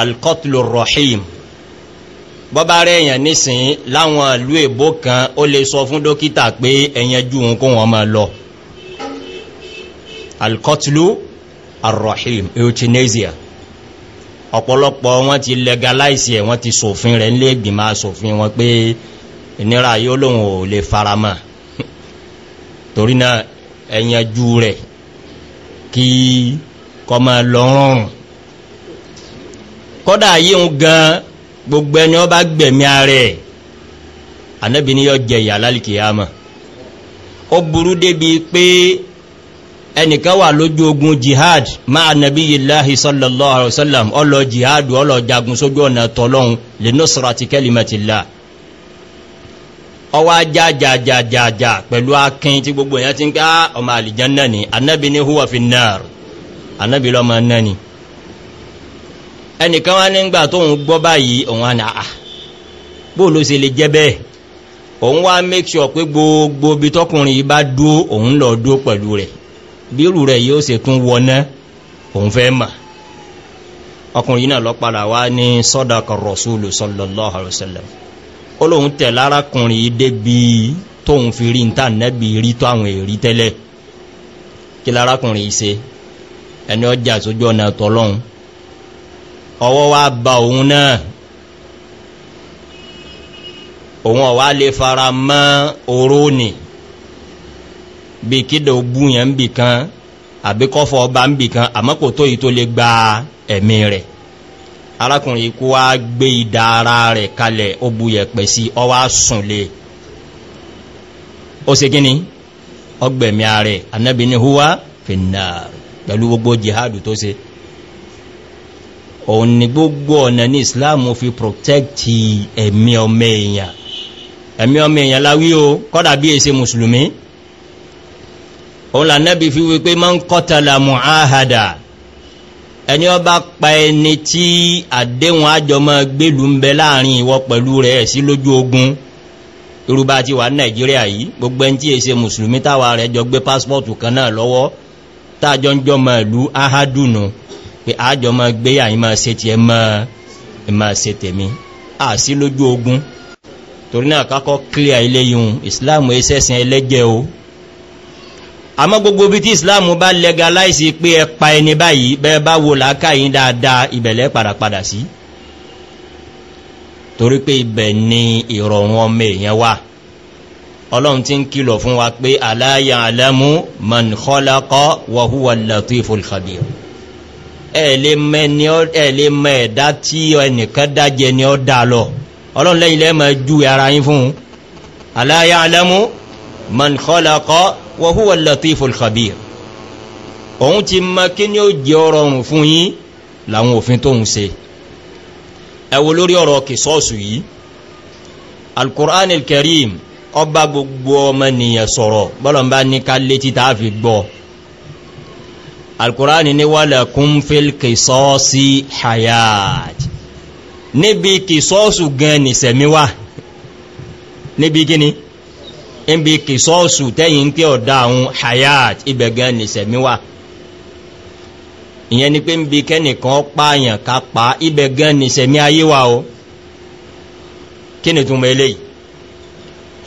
alkotlu rahim bọ́bá rẹ̀ èèyàn nísìn láwọn ìlú èbó kan ó lè sọ fún dókítà pé ẹ̀yẹn ju òun kó wọn máa lọ alkotlu rahim arrohim euthanasia ọ̀pọ̀lọpọ̀ wọ́n ti legalize ẹ̀ wọ́n ti sòfin rẹ̀ nílé ìgbìmọ̀ asòfin wọn pé ìnira yóò lòun ò lè faramọ́ torí náà ẹ̀yànjú rẹ̀ kí kọ ma lọ́rùn kọ́dà yíò gan gbogbo ẹni ọba gbẹ̀mí ààrẹ anẹ́bìnrin yọ jẹ ìyà lálìkìyàmọ̀ ó burú débi pé ẹnìkan wà lójú ogun jihad máa nàbí yìláhì sallallahu alaihi wasallam ọlọ jihad ọlọ jagun sójú ọ̀nà tọ́lọ́un lè nọ́sọ̀rọ̀ àti kẹlìmẹ̀tìlá ọwá jájájájájá pẹ̀lú akin tí gbogbo èyàn ti ń ká ah, ọmọ àlìján náà ni anábi ní huwa fi náà anábi lọ́mọ náà ni ẹnìkan wá nígbà tó ń gbọ́ báyìí òun àná àà bóò ló se lè jẹ́ bẹ́ẹ̀ òun wá make sure pé gbogbo bí tọkùnrin yìí bá dúó òun lọ dúó pẹ̀lú rẹ̀ bírù rẹ̀ yóò se tún wọná òun fẹ́ mà ọkùnrin náà lọ́padà wá ní sọ́dọ̀kà rọ̀súlù sallallahu alaihi wasallam ó lóun tẹ̀ lárakùnrin débi tóun fi rí níta nẹ́bi rí tó àwọn èrí tẹ́lẹ̀ kí lárakùnrin ṣe ẹni ọjà sójú ọ̀nà tọ́lọ́hun ọwọ́ wá ba òun náà òun ọ̀wá lè fara mọ́ oró bí kídà ó búyàn ń bì kan àbíkọ́fọ́ ọba ń bì kan àmọ́ kò tó yìí tó lè gba ẹ̀mí rẹ̀ arákùnrin kó wá gbé ìdá ara rẹ̀ kalẹ̀ ó bu yẹ̀pẹ̀ sí ọ wá sùn lé e. ó ṣe kíni ọgbẹ̀mí ààrẹ anábì ní húwá fìnnà pẹ̀lú gbogbo jihadu tó ṣe òun ni gbogbo ọ̀nà ní islamu fi protecti ẹ̀mí ọmọ èèyàn ẹ̀mí ọmọ èèyàn láwí o kọ́dà bí èsẹ mùsùlùmí òun là nẹ́bí fi wípé ma ń kọ́tàlà mọ̀háhàdà ẹni ó bá pa ẹni tí àdéhùn àjọmọ́ gbélù ń bẹ láàrin ìwọ pẹ̀lú rẹ̀ sí lójú ogun irúbá ti wà nàìjíríà yìí gbogbo ẹni tí èsẹ mùsùlùmí táwa rẹ̀ jọ gbé pásítọ̀tù kan náà lọ́wọ́ tájọ ń jọmọ ìlú ahadùnù pé àjọmọ gbé àyí máa ṣe tiẹ̀ máa ṣe tèmi à sí lójú ogun torí náà kákọ́ clear ilé yìí Islam ẹsẹ́sìn ẹlẹ́jẹ́ o àmọ́ gbogbo bí tí islam bá legalize pé ẹpa ẹni báyìí bẹ́ẹ̀ bá wo làákà yìí dáadáa ìbẹ̀lẹ̀ padàpadà sí torí pé ibẹ̀ ni ìrọ̀rùn ọmọ èèyàn wà ọlọ́run ti ń kìlọ̀ fún wa pé aláyà alẹ́mú man kọ́lákọ́ wọ̀húwà latiful khabir ẹ̀lẹ́ mẹ́ẹ̀dá tí ẹnìkan dájẹ ni ọ dá lọ ọlọ́run lẹ́yìn lẹ́mọ̀ ju ara yín fún aláyà alẹ́mú man wa huwa al-latiful khabir òun ti ma kí ní ó jẹ ọ̀rọ̀ ọ̀rùn fún yín láwọn òfin tó ń ṣe ẹ wò lórí ọ̀rọ̀ kìsọ́ọ̀sù yìí al-Qur'an al-Karim ọba gbogbo ọmọ nìyàn sọ̀rọ̀ bọ́lọ̀mbá ní ká létí tàà fi gbọ́ al-Qur'an ní walakum fil qisasi hayat níbi kìsọ́ọ̀sù gan nìsẹ̀mí wà níbi gíní ń bí kì sọ́ọ̀sù tẹ́yìn ń pẹ́ ọ̀dá àwọn hayat ibẹ̀gẹ́ nìsẹ̀mí wà ìyẹn ni pé ń bí kẹ́nìkan pààyàn ká pa ibẹ̀gẹ́ nìsẹ̀mí ayé o kí ni túnmọ̀ eléyìí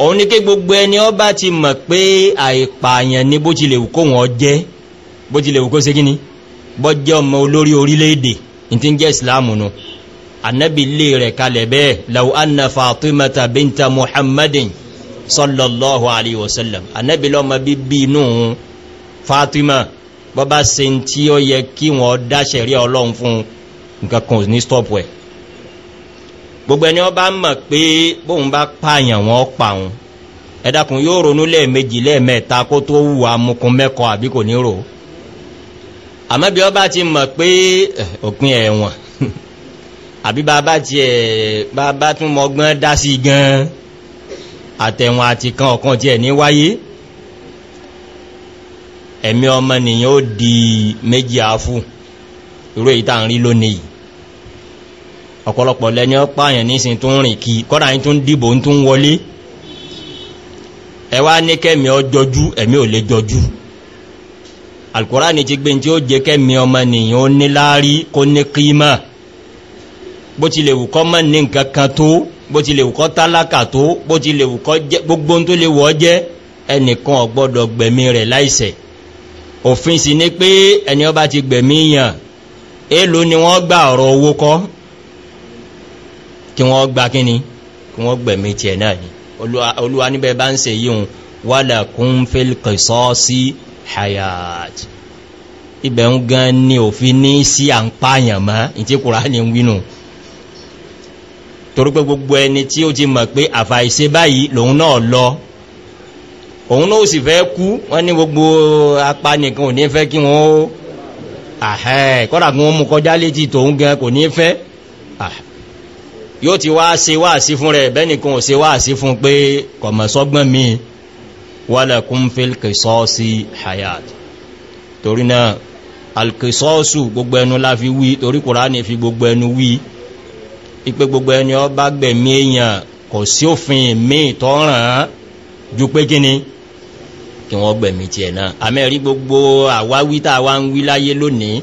òun ní kí gbogbo ẹni ọ bá ti mọ̀ pé àìpààyàn ní bó ti lè wù kó wọn jẹ́ bó ti lè wù kó ṣe kíní bọ́ jẹ́ ọmọ olórí orílẹ̀-èdè ìtí ń jẹ́ ìsìláàmù nù ànábì lè rẹ̀ kalẹ̀ bẹ́ẹ̀ law anna fatimata binta muhammadin sallallahu alayhi wa sallam anabi lọ́mọ bíbí inú fatima bọ́bá se ń tí ó yẹ kí wọ́n dáṣẹ̀ rí ọlọ́run fún nǹkan kan ní stop ẹ̀ gbogbo ẹni ọba mọ̀ pé bóun bá pààyàn wọn pa òun ẹ̀dàkùn yóò ronú lẹ́ẹ̀mejì lẹ́ẹ̀mẹ́ta kó tó wù amukun mẹ́kọ àbí kò ní rò àmọ́ bí ọba ti mọ̀ pé eh, òpin ẹ̀wọ̀n àbí bàbá tiẹ̀ bàbá tún dá sí gan-an àtẹ̀wọ̀n àti kan ọ̀kan tí ẹ̀ ní wáyé ẹ̀mí ọmọ nìyàn ó di méjì àáfù ìró ìta ń rí lónìí ọ̀pọ̀lọpọ̀ lẹ́ni ọpá àyàn nísìn tó ń rìn kí kọ́nà yí tó ń dìbò tó ń wọlé ẹwà ní kẹ́mí ọ jọjú ẹ̀mí ò lè jọjú alkùránì ti gbé tí ó jẹ kẹ́mí ọmọ nìyàn ó ní láárí kó ní kíímà bó ti lè wù kọ́mọ̀ ní nǹkan kan tó bó ti lè wùkọ́ tálákà tó bó ti lè wùkọ́ jẹ́ gbogbo tó lè wọ́ jẹ́ ẹnìkan ò gbọ́dọ̀ gbẹ̀mí rẹ̀ láìṣẹ̀ òfin sì ni pé ẹni ọba ti gbẹ̀mí yàn èlò ni wọ́n gba ọ̀rọ̀ owó kọ́ kí wọ́n gba kíni kí wọ́n gbẹ̀mí tiẹ̀ náà ni olúwa níbẹ̀ bá ń ṣe yíhun walakum fil qisasi hayat ibẹ̀ ń gan ni òfin ní sí à ń pààyàn mọ́ ìtí Kùránì wínú torípé gbogbo ẹni tí ó ti mọ̀ pé àfàìṣe báyìí lòun náà lọ òun náà sì fẹ́ kú wọ́n ní gbogbo apá nìkan ò ní fẹ́ kí wọ́n ó àhẹ́ kọ́dà kí wọ́n mú kọjá létí tòun gan kò ní fẹ́ ah, yóò ti wá ṣe wá sí fún rẹ̀ bẹ́nìkan ò ṣe wá sí fún pé kọ̀mọ̀sọ́gbọ́n mi walakum fil qisasi hayat torí náà alkisọ́ọ̀sù gbogbo ẹnu la fi wí torí Kùránì fi gbogbo ẹnu wí ipé gbogbo ẹni ọ bá gbẹ̀mí èèyàn kò sí òfin mí tọ́ràn ju pé kíni kí wọ́n gbẹ̀mí ti náà àmẹ́rí gbogbo àwáwí tá a wá ń wí láyé lónìí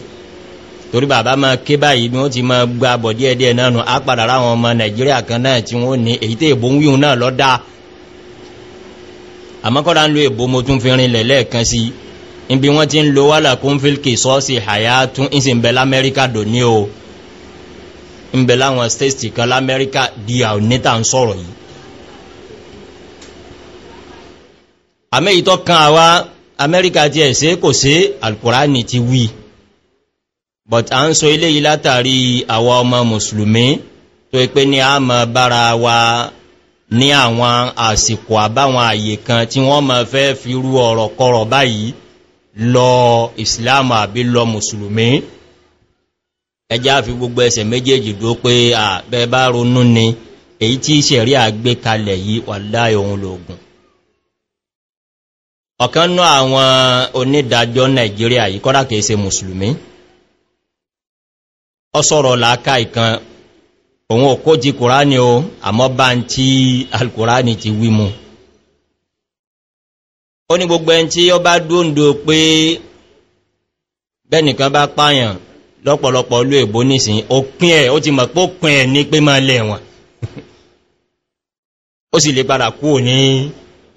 torí bàbá máa ké báyìí bí wọ́n ti máa gba bọ̀ díẹ̀ díẹ̀ náà nù á padà ọmọ nàìjíríà kan náà tí wọ́n ní èyí tẹ́ ìbò ń wíhun náà lọ́dá àmọ́kọ́dá ń lo ìbò mo tún fi rinlẹ̀ lẹ́ẹ̀kan sí ibi wọ́n ti ń lo wàhálà kún sọ́ọ̀sì àyà tún ìsìnbẹ̀ lamẹ́ríkà dò ní o ń bẹ láwọn stéètì kan lamẹ́ríkà di àwọnítà ń sọ̀rọ̀ yìí àmẹ́yìítọ́ kan àwa amẹ́ríkà ti ẹ̀ṣẹ́ kò sí alkùránì ti wí but a ń sọ ilé yìí látàrí àwa ọmọ mùsùlùmí tó ipé ní a mọ̀ bára wa ní àwọn àsìkò àbáwọn àyè kan tí wọ́n mọ̀ fẹ́ fi rú ọ̀rọ̀ kọrọ̀ báyìí lọ ìsìláàmù àbí lọ mùsùlùmí ẹjá fi gbogbo ẹsẹ̀ méjèèjì dó pé àbẹ́ bá ronú ni èyí tí ìṣẹ̀rí àgbé kalẹ̀ yìí wà láì ohun lògùn ọ̀kan náà àwọn onídàájọ́ nàìjíríà yìí kọ́dá kìí se mùsùlùmí ọ sọ̀rọ̀ láàká ìkan òun òkó ti kùránì o àmọ́ bá ń tí alkùránì ti wí mu ó ní gbogbo ẹn tí ọ bá dúndò pé bẹ́nìkan bá páyàn lọ́pọ̀lọpọ̀ olú èbó nìsìn òpin ẹ̀ ó ti mọ̀ pó pin ẹ̀ ní pé máa ó sì lè padà ní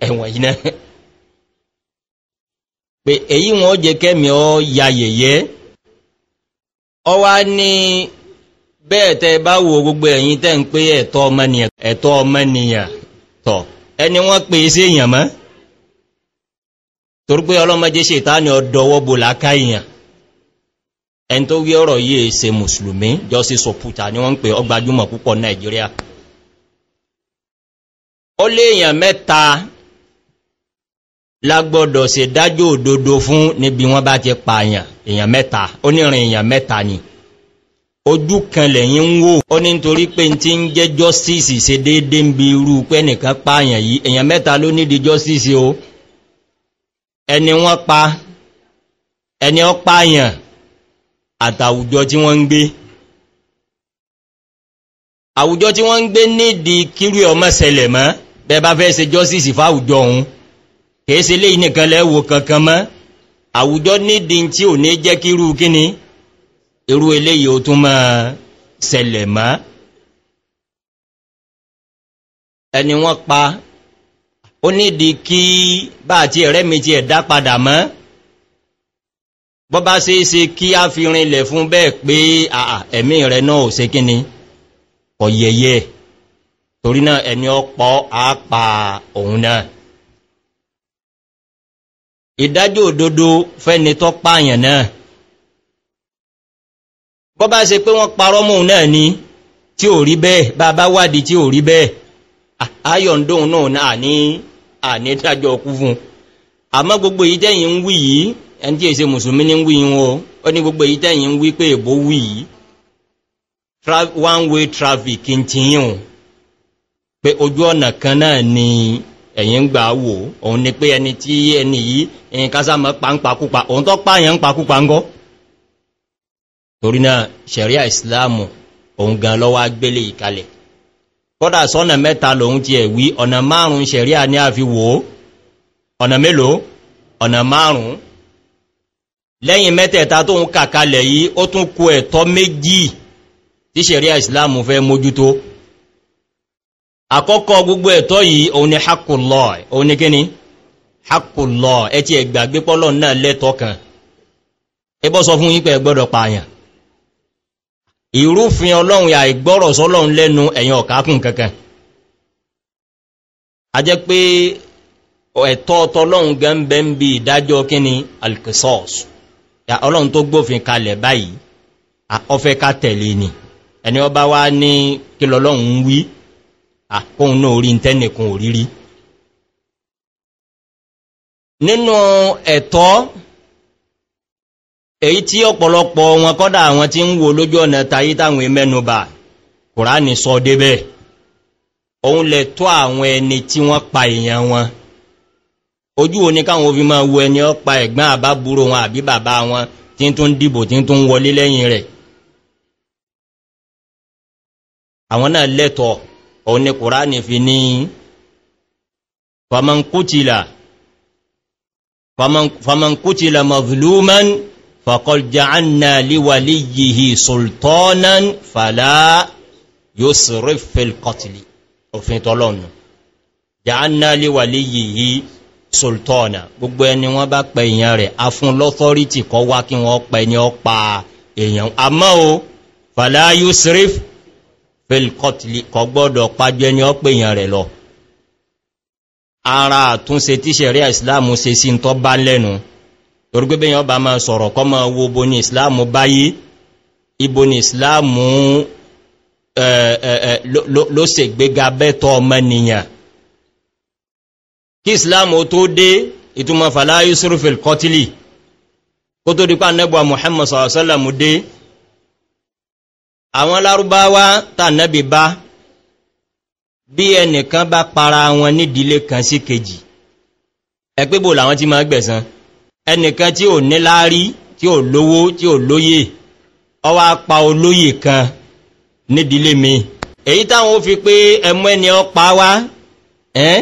ẹ̀wọ̀n yìí náà pé èyí wọn ó jẹ kẹ́mì ọ ya yẹ̀yẹ́ ọ wá ní bẹ́ẹ̀ bá wo gbogbo ẹ̀yìn tẹ́ ń pé ẹ̀tọ́ ọmọnìyàn tọ̀ ẹni wọ́n pè ẹn tó wí ọ̀rọ̀ yìí ṣe mùsùlùmí jọ sí sọpútà ní wọ́n ń pè ọgbàjúmọ̀ púpọ̀ nàìjíríà ó léèyàn mẹ́ta lágbọ́dọ̀ se dájú òdodo fún níbi wọ́n bá ti pààyàn èèyàn mẹ́ta onírin èèyàn mẹ́ta ni ojú kan lẹ̀yìn ń wò ó ní nítorí pé tí ń jẹ́ justice se déédé ń bi irú pẹ́nìkan pààyàn yìí èèyàn mẹ́ta ló ní di justice o ẹni wọ́n pa ẹni ọ pààyàn àtàwùjọ tí wọ́n ń gbé àwùjọ tí wọ́n ń gbé nídi kírí ọmọ sẹlẹ̀ mọ́ bẹba fẹ́ ṣe jọ́sìsì fáwùjọ òun kèése lè nìkan lẹ́wò kankan mọ́ àwùjọ nídi tí ò ní jẹ́ kírú kíní irú eléyìí ó tún mọ́ sẹlẹ̀ mọ́ ẹni wọ́n pa ó nídi kí bá àti ẹ̀rẹ́mi ti ẹ̀dá padà mọ́ bọ́ bá ṣe é ṣe kí a fi rinlẹ̀ fún bẹ́ẹ̀ pé àà ẹ̀mí rẹ̀ náà ò ṣe kí ni kọ̀ yẹyẹ torí náà ẹni ọpọ̀ àápa òun náà ìdájọ́ òdodo fẹ́ni tọ́ pààyàn náà bọ́ bá ṣe pé wọ́n parọ́ mọ́ náà ni tí ò rí bẹ́ẹ̀ bá bá wádìí tí ò rí bẹ́ẹ̀ ayọ̀ndóhun náà ní ànídájọ́ ọkú fún àmọ́ gbogbo ìjẹ́yìn ń wí yìí ẹni tí èsè mùsùlùmí ní wí wọn o ó ní gbogbo èyí tẹ́yìn ń wí pé èbó wì one way traffic ń ti o pé ojú ọ̀nà kan náà ni ẹ̀yìn gbà wò òun ni pé ẹni tí ẹni yìí ẹ̀yìn kásámọ́ pàǹpàkúpa òun tó pààyàn pàkúpa ń gọ́ torí náà sẹ̀ríà ìsìláàmù òun gan lọ́wọ́ agbélé ìkalẹ̀ kọ́dà sọ́nà mẹ́ta lòun ti ẹ̀wí ọ̀nà márùn-ún sẹ̀ríà ní àfi wò ọ̀nà mélòó ọ̀nà márùn-ún lẹ́yìn mẹ́tẹ̀ẹ̀ta tó ń kàkalẹ̀ yìí ó tún kó ẹ̀tọ́ méjì tí ṣẹ̀ríà ìsìláàmù fẹ́ mójútó àkọ́kọ́ gbogbo ẹ̀tọ́ yìí òun ni hakulọ̀ òun ni kíni hakulọ̀ ẹ ti ẹgbàgbé náà lẹ́tọ́ kan ẹbọ́ sọ fún yípẹ̀ gbọ́dọ̀ pààyàn ìrúfin ọlọ́run lẹ́nu ọ̀kákùn kankan a jẹ́ pé ẹ̀tọ́ gan bẹ́ ń bi ìdájọ́ kíni ya ọlọ́run tó gbófin kalẹ̀ báyìí ọfẹ́ ká tẹ̀lé ni ẹni ọba wá ní kí lọ́lọ́run ń wí àkóhun náà orí tẹ́nìkan òrírí nínú ẹ̀tọ́ èyí tí ọ̀pọ̀lọpọ̀ wọn kọ́dà àwọn tí ń wo lójú ọ̀nà tayí táwọn mẹ́nubà kùránì sọ débẹ̀ òun lẹ̀ tó àwọn ẹni tí wọ́n pa èèyàn wọn ojú òní káwọn fi máa wo ẹni ọpa ẹ̀gbọ́n àbábúrò wọn àbí bàbá wọn tí tó ń dìbò tí tó ń wọlé lẹ́yìn rẹ̀ àwọn náà lẹ́tọ̀ òun ni kùránì fi ní famankutila mazluman faqad ja'anna liwaliyihi sultanan fala yusrif fil qatl òfin tọ́lọ́nù ja'anna liwaliyihi sultanan sultana gbogbo ẹni wọ́n bá pẹ èèyàn rẹ̀ a fún lọ́fọ́rítì kọ́ wá kí wọ́n pẹ ní ọpa èèyàn àmọ́ o fàlá yusrif felkotli kọ gbọ́dọ̀ pàjọ ẹni ọpẹ èèyàn rẹ̀ lọ ara àtúnṣe tí sẹ̀rí ìsìláàmù se sí tọ́ bá lẹ́nu torí pé bẹ́yàn ọba máa sọ̀rọ̀ kọ́ máa wo bo ní ìsìláàmù báyé ibo ní ìsìláàmù eh, eh, eh, ló sègbéga bẹ́tọ̀ ọmọ nìyàn kí islam ó tó dé ìtumọ̀ fàlá yusrufil kọtílì kó tó dípa nẹ́bùwa muhammad sàwọ́sọ́làmù dé àwọn lárúbáwá tà nẹ́bì bá bí ẹnìkan bá para wọn nídìílé kan sí kejì ẹgbébò làwọn tí máa gbẹ̀san ẹnìkan tí ò níláárí tí ò lówó tí ò lóyè ọwá pa olóyè kan nídìílé mi èyí táwọn ó fi pé ẹmú ẹni ọpa wá ẹ́ eh?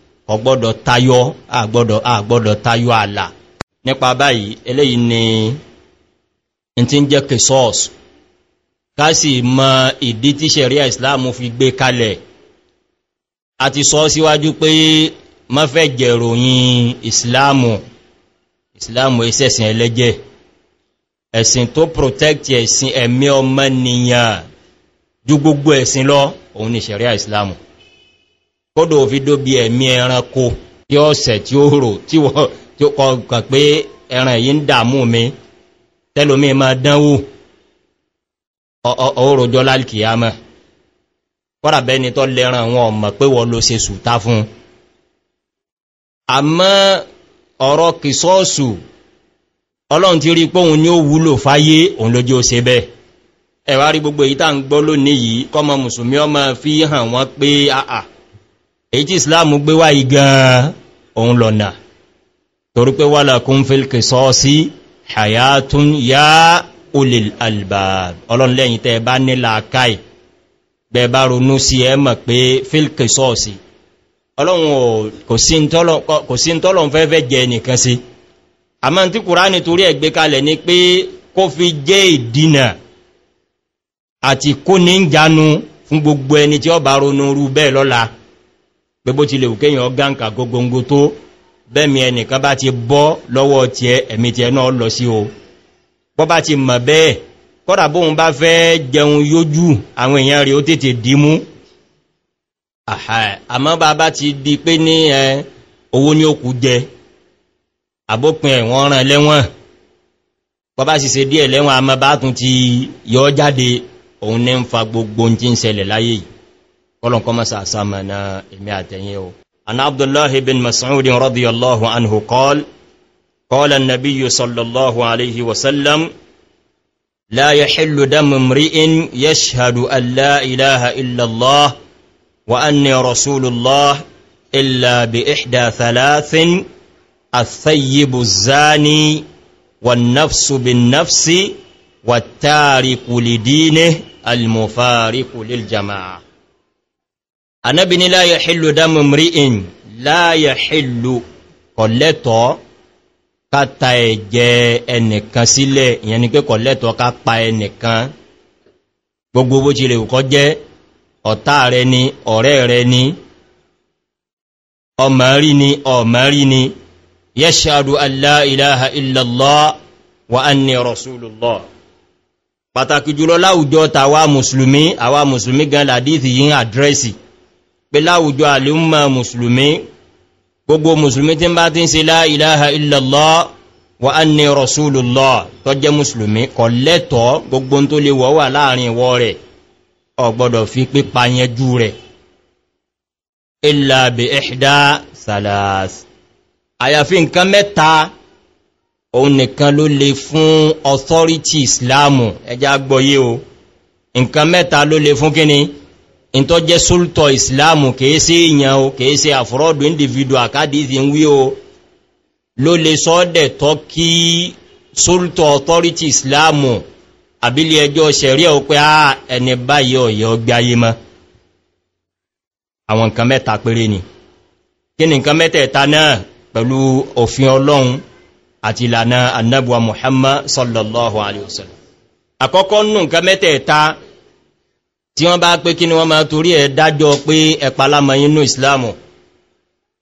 ọgbọ́dọ̀ tayọ àgbọ́dọ̀ àgbọ́dọ̀ tayọ àlà nípa báyìí eléyìí ni in ti ń jẹ́ kẹsọ́ọ̀sù ká sì mọ ìdí tí sẹ̀ríà ìsìláàmù fi gbé kalẹ̀ a ti sọ síwájú pé mọ́ fẹ́ jẹ̀ròyìn ìsìláàmù ìsìláàmù ìsẹ̀sìn ẹlẹ́jẹ̀ ẹ̀sìn tó protect ẹ̀sìn ẹ̀mí ọmọ nìyàn ju gbogbo ẹ̀sìn lọ òun ni sẹ̀ríà ìsìláàmù kódò fi dóbi ẹ̀mí ẹranko tí ó sẹ̀ tí ó rò tí ó kọ̀ọ̀kọ̀ pé ẹran yìí ń dàmú mi tẹ́lómí ma dánwò ọ̀rọ̀jọ́ lálkìyàmá kọ́ràbẹ́ ni tọ́ lẹ́ran wọn pé wọ́n ló ṣe sùta fún àmọ́ ọ̀rọ̀ kìsọ́ọ̀sù ọlọ́run ti rí pọ́hun ni ó wúlò fáyé òun lójú ó ṣe bẹ́ẹ̀ ẹ̀wà gbogbo ń gbọ́ lónìí fi hàn wọ́n pé àà èyí tí islam gbé wá igan òun lọ́nà torí pé wà lákún fílkì sọ sí hayatun ya olil alba. ọlọ́nlẹ́yìn tẹ́ bá nílà káì bẹ bá ronú sí ẹ mọ̀ pé fílkì sọ sí ọlọ́run kò sí tọ́lọ̀ fẹ́fẹ́ jẹ nìkan sí a mọ́ tí kùránì torí ẹ̀gbẹ́ kalẹ̀ ni pé kó fi jẹ́ ìdínà àti kó ní ń jánu fún gbogbo ẹni tí ọ bá ronú rú bẹ́ẹ̀ lọ́la gbogbo ti lè wù kéyàn ọgáǹkà gógóngó tó bẹ́mi ẹnìkan bá ti bọ́ lọ́wọ́ ti ẹ ẹ̀mí ti ẹ̀nà lọ sí o bọ́ bá ti mọ̀ bẹ́ẹ̀ kọ́dà bóhun bá fẹ́ jẹun yójú àwọn èèyàn rí ó tètè dímú àmọ́ bá bá ti di pé ní ẹ owó ní òkú jẹ àbópin ẹ̀wọ̀n ràn lẹ́wọ̀n bọ́ bá sì se díẹ̀ lẹ́wọ̀n àmọ́ bá tún ti yọ jáde òun ní ń fa gbogbo ohun tí ń ṣẹlẹ̀ láyé yìí ọlọ́n kọ́ mọ́sá àsámà na èmì àtẹ̀yẹ o an abdullahi bin mas'udin radiyallahu anhu qal qala an-nabiyyu sallallahu alayhi wa sallam la yahillu damu imri'in yashhadu an la ilaha illa allah wa anni rasulullah illa bi ihda thalathin athayyibu zani wan nafsu bin nafsi والتارك لدينه المفارق للجماعه anábi ní láyẹ̀ hìlù dámù mìírín láyẹ̀ hìlù kọ̀lẹ́tọ̀ ká ta ẹ̀jẹ̀ ẹnìkan sílẹ̀ ìyẹn ni pé kọ̀lẹ́tọ̀ ká pa ẹnìkan gbogbo bó ti lè kọ́ jẹ́ ọ̀tá rẹ ni ọ̀rẹ́ rẹ ni ọmọrí ni ọmọrí ni yẹ́ṣàdù aláìláha ìlàlá wa anni rasulullah pàtàkì jùlọ láwùjọ tàwà musulmi àwà musulmi gan ladíìtì yí àdírẹ́sì pé láwùjọ àlúmà mùsùlùmí gbogbo mùsùlùmí tí ń bá ti ń se láìláha illallah wa anni rasulullah tó jẹ́ mùsùlùmí kọ lẹ́tọ̀ gbogbo tó lè wọ́ wà láàrin ìwọ rẹ̀ ọgbọ́dọ̀ fi pípa yẹnjú rẹ̀ illa bi ihda salas àyàfi nǹkan mẹ́ta òun nìkan ló lè fún authority islamu ẹjá gbọ́yé o nǹkan mẹ́ta ló lè fún kíni in tó jẹ́ sóltọ̀ ìsìláàmù kìí sí ìyàn o kìí sí àfúrọ́dù individual kádìí ń wí o ló lè sọ́dẹ̀ tọ́ kí sóltọ̀ authority ìsìláàmù àbílẹ̀ ẹjọ́ sẹ̀rí ẹ̀ pé ẹni báyìí ọ̀yẹ́ ọgbáyé mọ́ àwọn nǹkan mẹ́ta péré ni kí ni nǹkan mẹ́tẹ̀ẹ̀ta náà pẹ̀lú òfin ọlọ́run àti ìlànà annabuwa muhammad sallallahu alaihi wasallam àkọ́kọ́ nù nǹkan mẹ́tẹ̀ẹ̀ta tí wọ́n bá pé kí ni wọ́n máa torí ẹ̀ dájọ́ pé ẹ̀pàlámọ̀ inú ìsìláàmù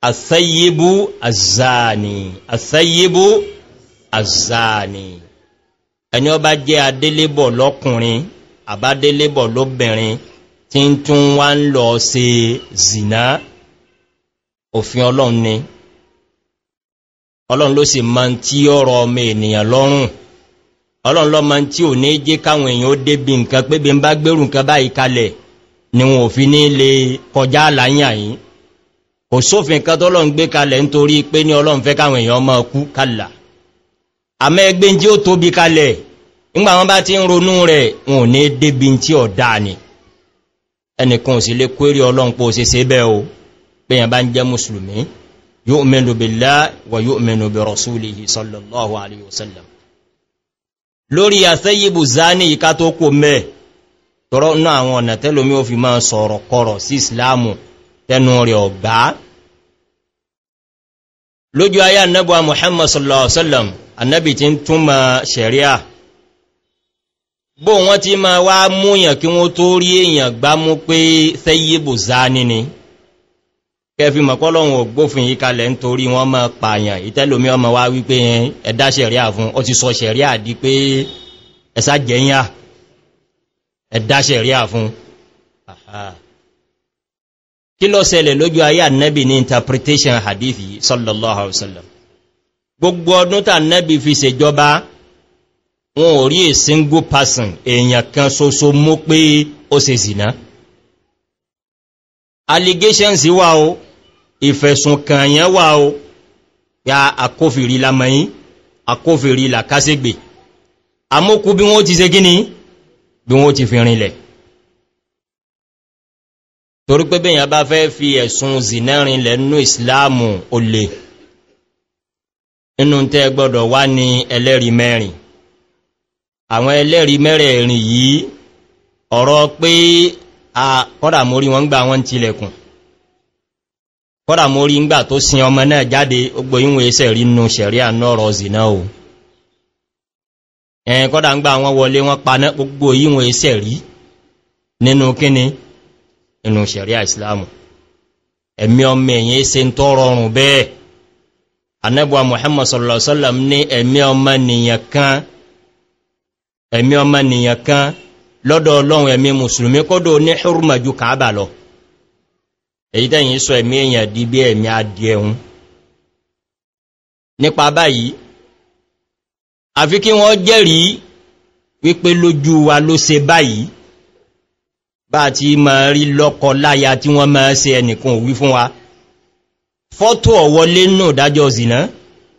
àṣẹ́yébú àzáàní àṣẹ́yébú àzáàní ẹni ọba jẹ́ adélébọ̀ lọ́kùnrin àbádélébọ̀ lóbìnrin tí ń tún wá ń lọ ṣe zìná òfin ọlọ́run ni ọlọ́run ló sì máa ń tí ọ̀rọ̀ ọmọ ènìyàn lọ́rùn ọlọ́nlọ́ ma tí ò ní jẹ́ káwọn èèyàn ó débi nǹkan pé bí n bá gbérù nǹkan báyìí kalẹ̀ ni wọn ò fi ní lè kọjá àlàyà yìí kò sófin kan tọ́lọ́ ń gbé kalẹ̀ nítorí pé ní ọlọ́run fẹ́ káwọn èèyàn máa kú kàlà àmọ́ ẹgbẹ́ tí ó tóbi kalẹ̀ nígbà wọn bá ti ń ronú rẹ̀ wọn ò ní débi tí ọ̀ ni ẹnìkan ò sì lè kórí ọlọ́run pé ó ṣe ṣe bẹ́ẹ̀ o pé yẹn bá ń jẹ́ mùsùlùmí yóò mẹ́nu bẹ̀lá wà yóò mẹ́nu bẹ̀rọ̀ súlì sallallahu alaihi wasallam lórí àtẹ́yìbù zání ìká tó kò mẹ́ tọ́rọ náà àwọn ọ̀nà tẹ́lómí ó fi máa sọ̀rọ̀ kọrọ̀ sí islamu tẹnu rẹ̀ ọ̀gbá lójú ayá annabuwa muhammad sallallahu alaihi wasallam annabi ti ń túnmọ̀ sẹ̀ríà bó wọ́n ti máa wá múyàn kí wọ́n tó rí èèyàn gbámú pé tẹ́yìbù zání ni kẹfì mọ̀kọ́lọ́hun ògbófin yí kalẹ̀ nítorí wọ́n mọ́ pààyàn ìtẹ́lómi ọmọ wá wípé ẹ̀dá sẹ̀ríà fún ọ ti sọ sẹ̀ríà di pé ẹ̀sá jẹ́yà ẹ̀dá sẹ̀ríà fún kí lọ sẹlẹ̀ lójú ayé annabi ní interpretation hadithi sallallahu alaihi wasallam gbogbo ọdún tà annabi fi single person èèyàn kan ṣoṣo mú pé o ìfẹ̀sùnkàn yẹn wà o ya akófìrí lamẹ́yìn akófìrí làkásẹ́gbè amókú bí wọ́n ti ṣe gíní bí wọ́n ti fi rinlẹ̀ torí pé bẹ́yàn bá fẹ́ fi ẹ̀sùn zinẹ́rin lẹ́nu ìsìláàmù olè inú tẹ́ gbọ́dọ̀ wá ní ẹlẹ́rìí mẹ́rin àwọn ẹlẹ́rìí mẹ́rẹ̀ẹ̀rin yìí ọ̀rọ̀ pé a kọ́dà mórí wọn gbà wọn tilẹ̀kùn kọ́dà mo rí ngbà tó sin ọmọ náà jáde ogbò ìwọ̀n ẹsẹ̀ rí nù sẹ̀rí ànọ́rọ̀ zìnà o ẹ̀yìn kọ́dà ngbà wọn wọlé wọn pa náà gbogbo ìwọ̀n ẹsẹ̀ rí nínú kíni inú sẹ̀rí àìsìláàmù ẹ̀mí ọmọ ẹ̀yìn ẹsẹ̀ ń tọ́rọ bẹ́ẹ̀ muhammad sallallahu ní ẹ̀mí ọmọ nìyàn kan ẹ̀mí ọmọ nìyàn kan lọ́dọ̀ ọlọ́run ẹ̀mí mùsùlùmí kọ́dọ̀ ní hurmaju kaaba lọ èyí tẹ́yìn sọ ẹ̀mí èyàn di bí ẹ̀mí adìẹ hun nípa báyìí àfi kí wọ́n jẹ́rìí wípé lójú wa ló ṣe báyìí bá ti ma rí lọ́kọ láya tí wọ́n máa ṣe ẹnìkan òwí fún wa fọ́tò ọ̀wọlé nù dájọ́ zìnà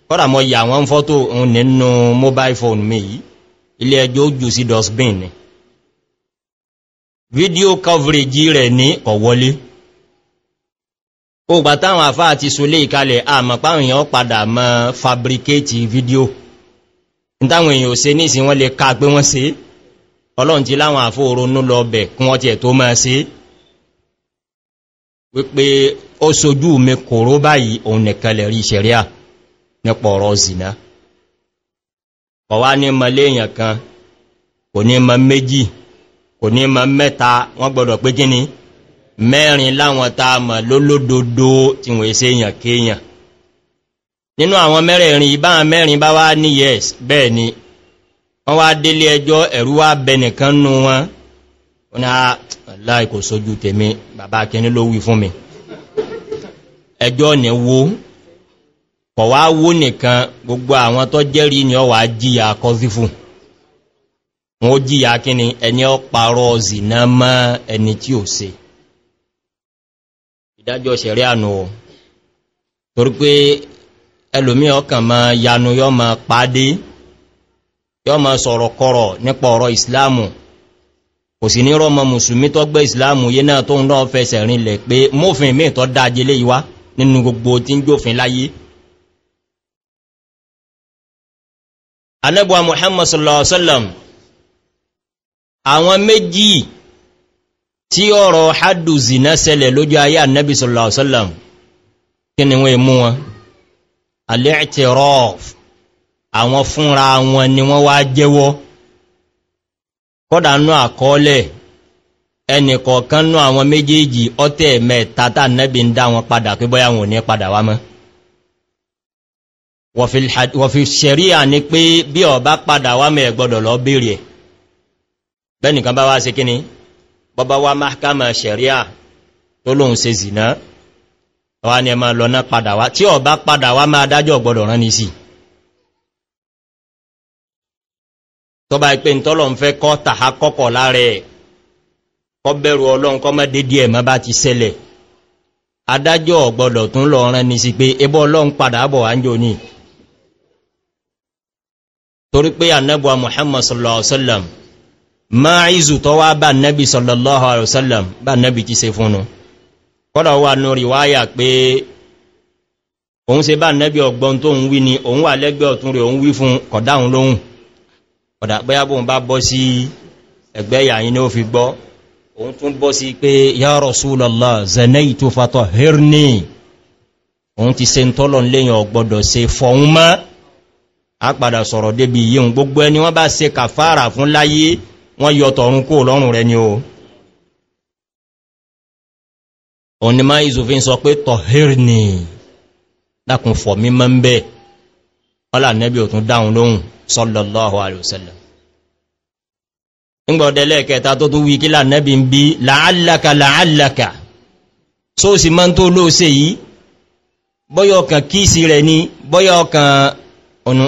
kọ́dà mọ́ yà wọ́n fọ́tò nínú mobile phone mi yìí ilé ẹjọ́ jù sí dustbin ni fídíò coverage rẹ̀ ní ọ̀wọlé ògbà táwọn àfá ti solé ìkalẹ̀ àmà páwọn èèyàn padà mọ́ fabricate video ìtàwọn èèyàn ò se ní ìsìn wọ́n lè ká pé wọ́n si ọlọ́run ti láwọn àfó lọ bẹ̀ kún wọ́n tó máa se wípé ó sojú mi kòró báyìí òun nìkanlẹ̀ rí nípa ọ̀rọ̀ ní mọ léèyàn kan kò ní mọ méjì kò ní mọ mẹ́ta wọ́n gbọ́dọ̀ mẹ́rin láwọn ta mọ̀ lólódodo tí wọ́n ṣe èyàn kéèyàn nínú àwọn mẹ́rẹ̀ẹ̀rin ìbáwọn mẹ́rin bá wá ní yes bẹ́ẹ̀ ni wọ́n wá délé ẹjọ́ ẹ̀rú wá bẹnìkan nú wọn ah, wọ́n láì kò sójú tèmi bàbá akẹni ló wí fún mi ẹjọ́ ní wo kọ̀ wá wó nìkan gbogbo àwọn tó jẹ́rí ni ọ wà jíyà kọ́sífù wọ́n jíyà kíni ẹni ọ parọ́ zìnà mọ́ ẹni tí ò se ìdájọ́ ṣẹ̀rí ànú o torí pé ẹlòmí ọkàn ma yanu yọ ma pàdé yọ ma sọ̀rọ̀ kọrọ̀ nípa ọ̀rọ̀ ìsìláàmù kò sí ní rọmọ mùsùlùmí tó gbé ìsìláàmù yé náà tó ń náà fẹsẹ̀ rinlẹ̀ pé mófin mí tó dájélé ìwá nínú gbogbo tí ń jófin láyé anẹ́bùwa muhammad sallallahu alaihi wasallam àwọn méjì tí ọ̀rọ̀ haddu zina sẹlẹ̀ lójú ayé annabi sallallahu alaihi wasallam kí ni wọ́n mú wọn al-i'tiraf àwọn fúnra wọn ni wọ́n wá jẹ́wọ́ kọ́dánú àkọọ́lẹ̀ ẹnìkọ̀ọ̀kan nú àwọn méjèèjì ọtẹ́ mẹ́ta tá annabi ń dá wọn padà pé bọ́yá wọn ò ní padà wá mọ́ wọ̀fí ṣẹ̀ríà ni pé bí ó padà wá mẹ́ gbọ́dọ̀ lọ béèrè bẹ́nìkan bá wá ṣe kíni bọ́bá wá mahkama sharia tó lóhun ṣe zìná wá ní ẹmà lọ́nà padà wá tí ọba padà wá máa dájọ́ gbọ́dọ̀ rán ní sí tọ́bá ipé ìtọ́lọ̀ ń fẹ́ kọ́ tàhá kọ́kọ̀ lára ẹ̀ kọ́ bẹ̀rù ọlọ́run kọ́ mọ́ torí pé annabuwa muhammad sallallahu alaihi wasallam máàízù tó wá bá nẹ́bí sallallahu alaihi wasallam bá nẹ́bí ti ṣe fúnnu kọ́dọ̀ wà ní ríwáyà pé òun ṣe bá nẹ́bí ọgbọ́n tó ń wí ni òun wà lẹ́gbẹ́ ọ̀tún rẹ̀ òun wí fún kọ̀dáhùn lóhùn kọ̀dà bóyá bóun bá bọ́ sí ẹgbẹ́ yàyín ní ó fi gbọ́ òun tún bọ́ sí pé ya Rasulullah zanaytu fatahhirni òun ti ṣe ń tọ́lọ̀ lẹ́yìn ọgbọ́dọ̀ ṣe fọ́hún a padà sọ̀rọ̀ débi yíò gbogbo ẹni wọ́n bá ṣe kàfàrà fún láyé wọ́n yọ tọ̀run kó lọ́rùn rẹ ni o òní máa ìzòfin sọ pé tọ̀hír ni dákùn fọ̀ mímọ́ ń bẹ́ ọlá nẹ́bí ò tún dáhùn lóhùn sallallahu alaihi wasallam ńgbọ̀dẹ̀lẹ́ kẹta tó tún wí kí lànẹ́bí ń bí làálàkà làálàkà só sì máa ń tó lóòsè yìí bọ́yọ̀ kan kíìsì rẹ̀ ni bọ́yọ̀ kan ọ̀nà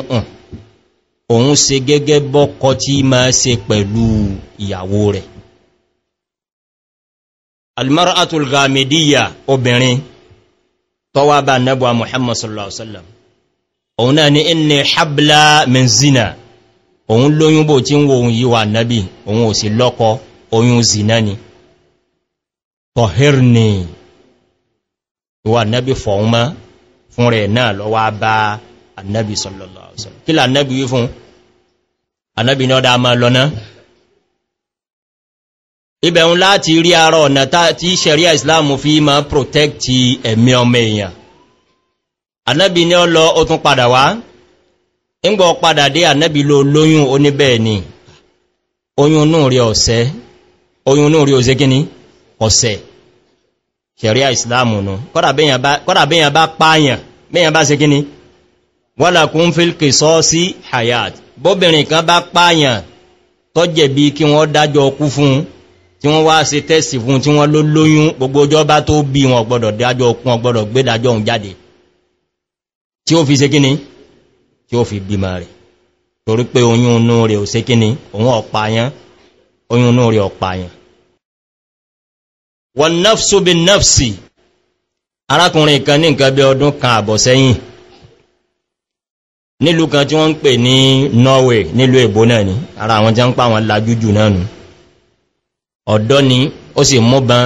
òun se gẹ́gẹ́ bọ́kọ tí máa se pẹ̀lú ìyàwó rẹ̀ almara atulgamidiyya obìnrin tọwa bá nẹ́bọ̀ muhammad sallallahu alaihi wasallam òun náà ni inni habla min zina òun lóyún bó tí ń wo òun yíwa nẹ́bí òun ò sí lọ́kọ oyún zina ni tọ̀hírni ìwà nẹ́bí fọ̀ọ́mọ́ fún rẹ̀ náà lọ́wọ́ bá annabi sallallahu alaihi wasallam kí la annabi wí fún anábì ní ọdá máa lọ́nà ibẹ̀un láti rí ara ọ̀nà tí sẹ̀ríà islamu fi ma protecti ẹ̀mí ọmọ èèyàn anábì ní ọlọ ó tún padà wá ńgbọ́ padà dé anábì ló lóyún oníbẹ̀ẹ̀ ni oyún náà rí ọ̀sẹ́ oyún náà rí ọ̀sẹ́ gíní ọ̀sẹ̀ sẹ̀ríà islamu nù kọ́dà bẹ́yàn bá pààyàn bẹ́yàn bá se gíní wọ́lá kún fílkì sọ́ọ́sí hayat bọ́bìnrin kan bá pààyàn tó jẹ̀bi kí wọ́n dájọ́ ọkú fún tí wọ́n wá ṣe tẹ́sì fún tí wọ́n ló lóyún gbogbo ọjọ́ bá tó bí wọn gbọ́dọ̀ dájọ́ ọkú wọn gbọ́dọ̀ gbé dájọ́ òun jáde tí ó fi ṣe kíni tí ó fi bímọ rẹ̀ torí pé oyún inú rẹ̀ ò ṣe kíni òun ọ̀pààyàn oyún inú rẹ̀ ọ̀pààyàn wọ́n nafsu bin nafsi arákùnrin kan ní nǹkan bí ọdún kan àbọ̀ sẹ́yìn nílùú kan tí wọ́n ń pè ní norway nílùú èbó náà ni ara àwọn jẹ́ ń pa àwọn lajújù náà nù ọ̀dọ́ ni ó sì mọ́bán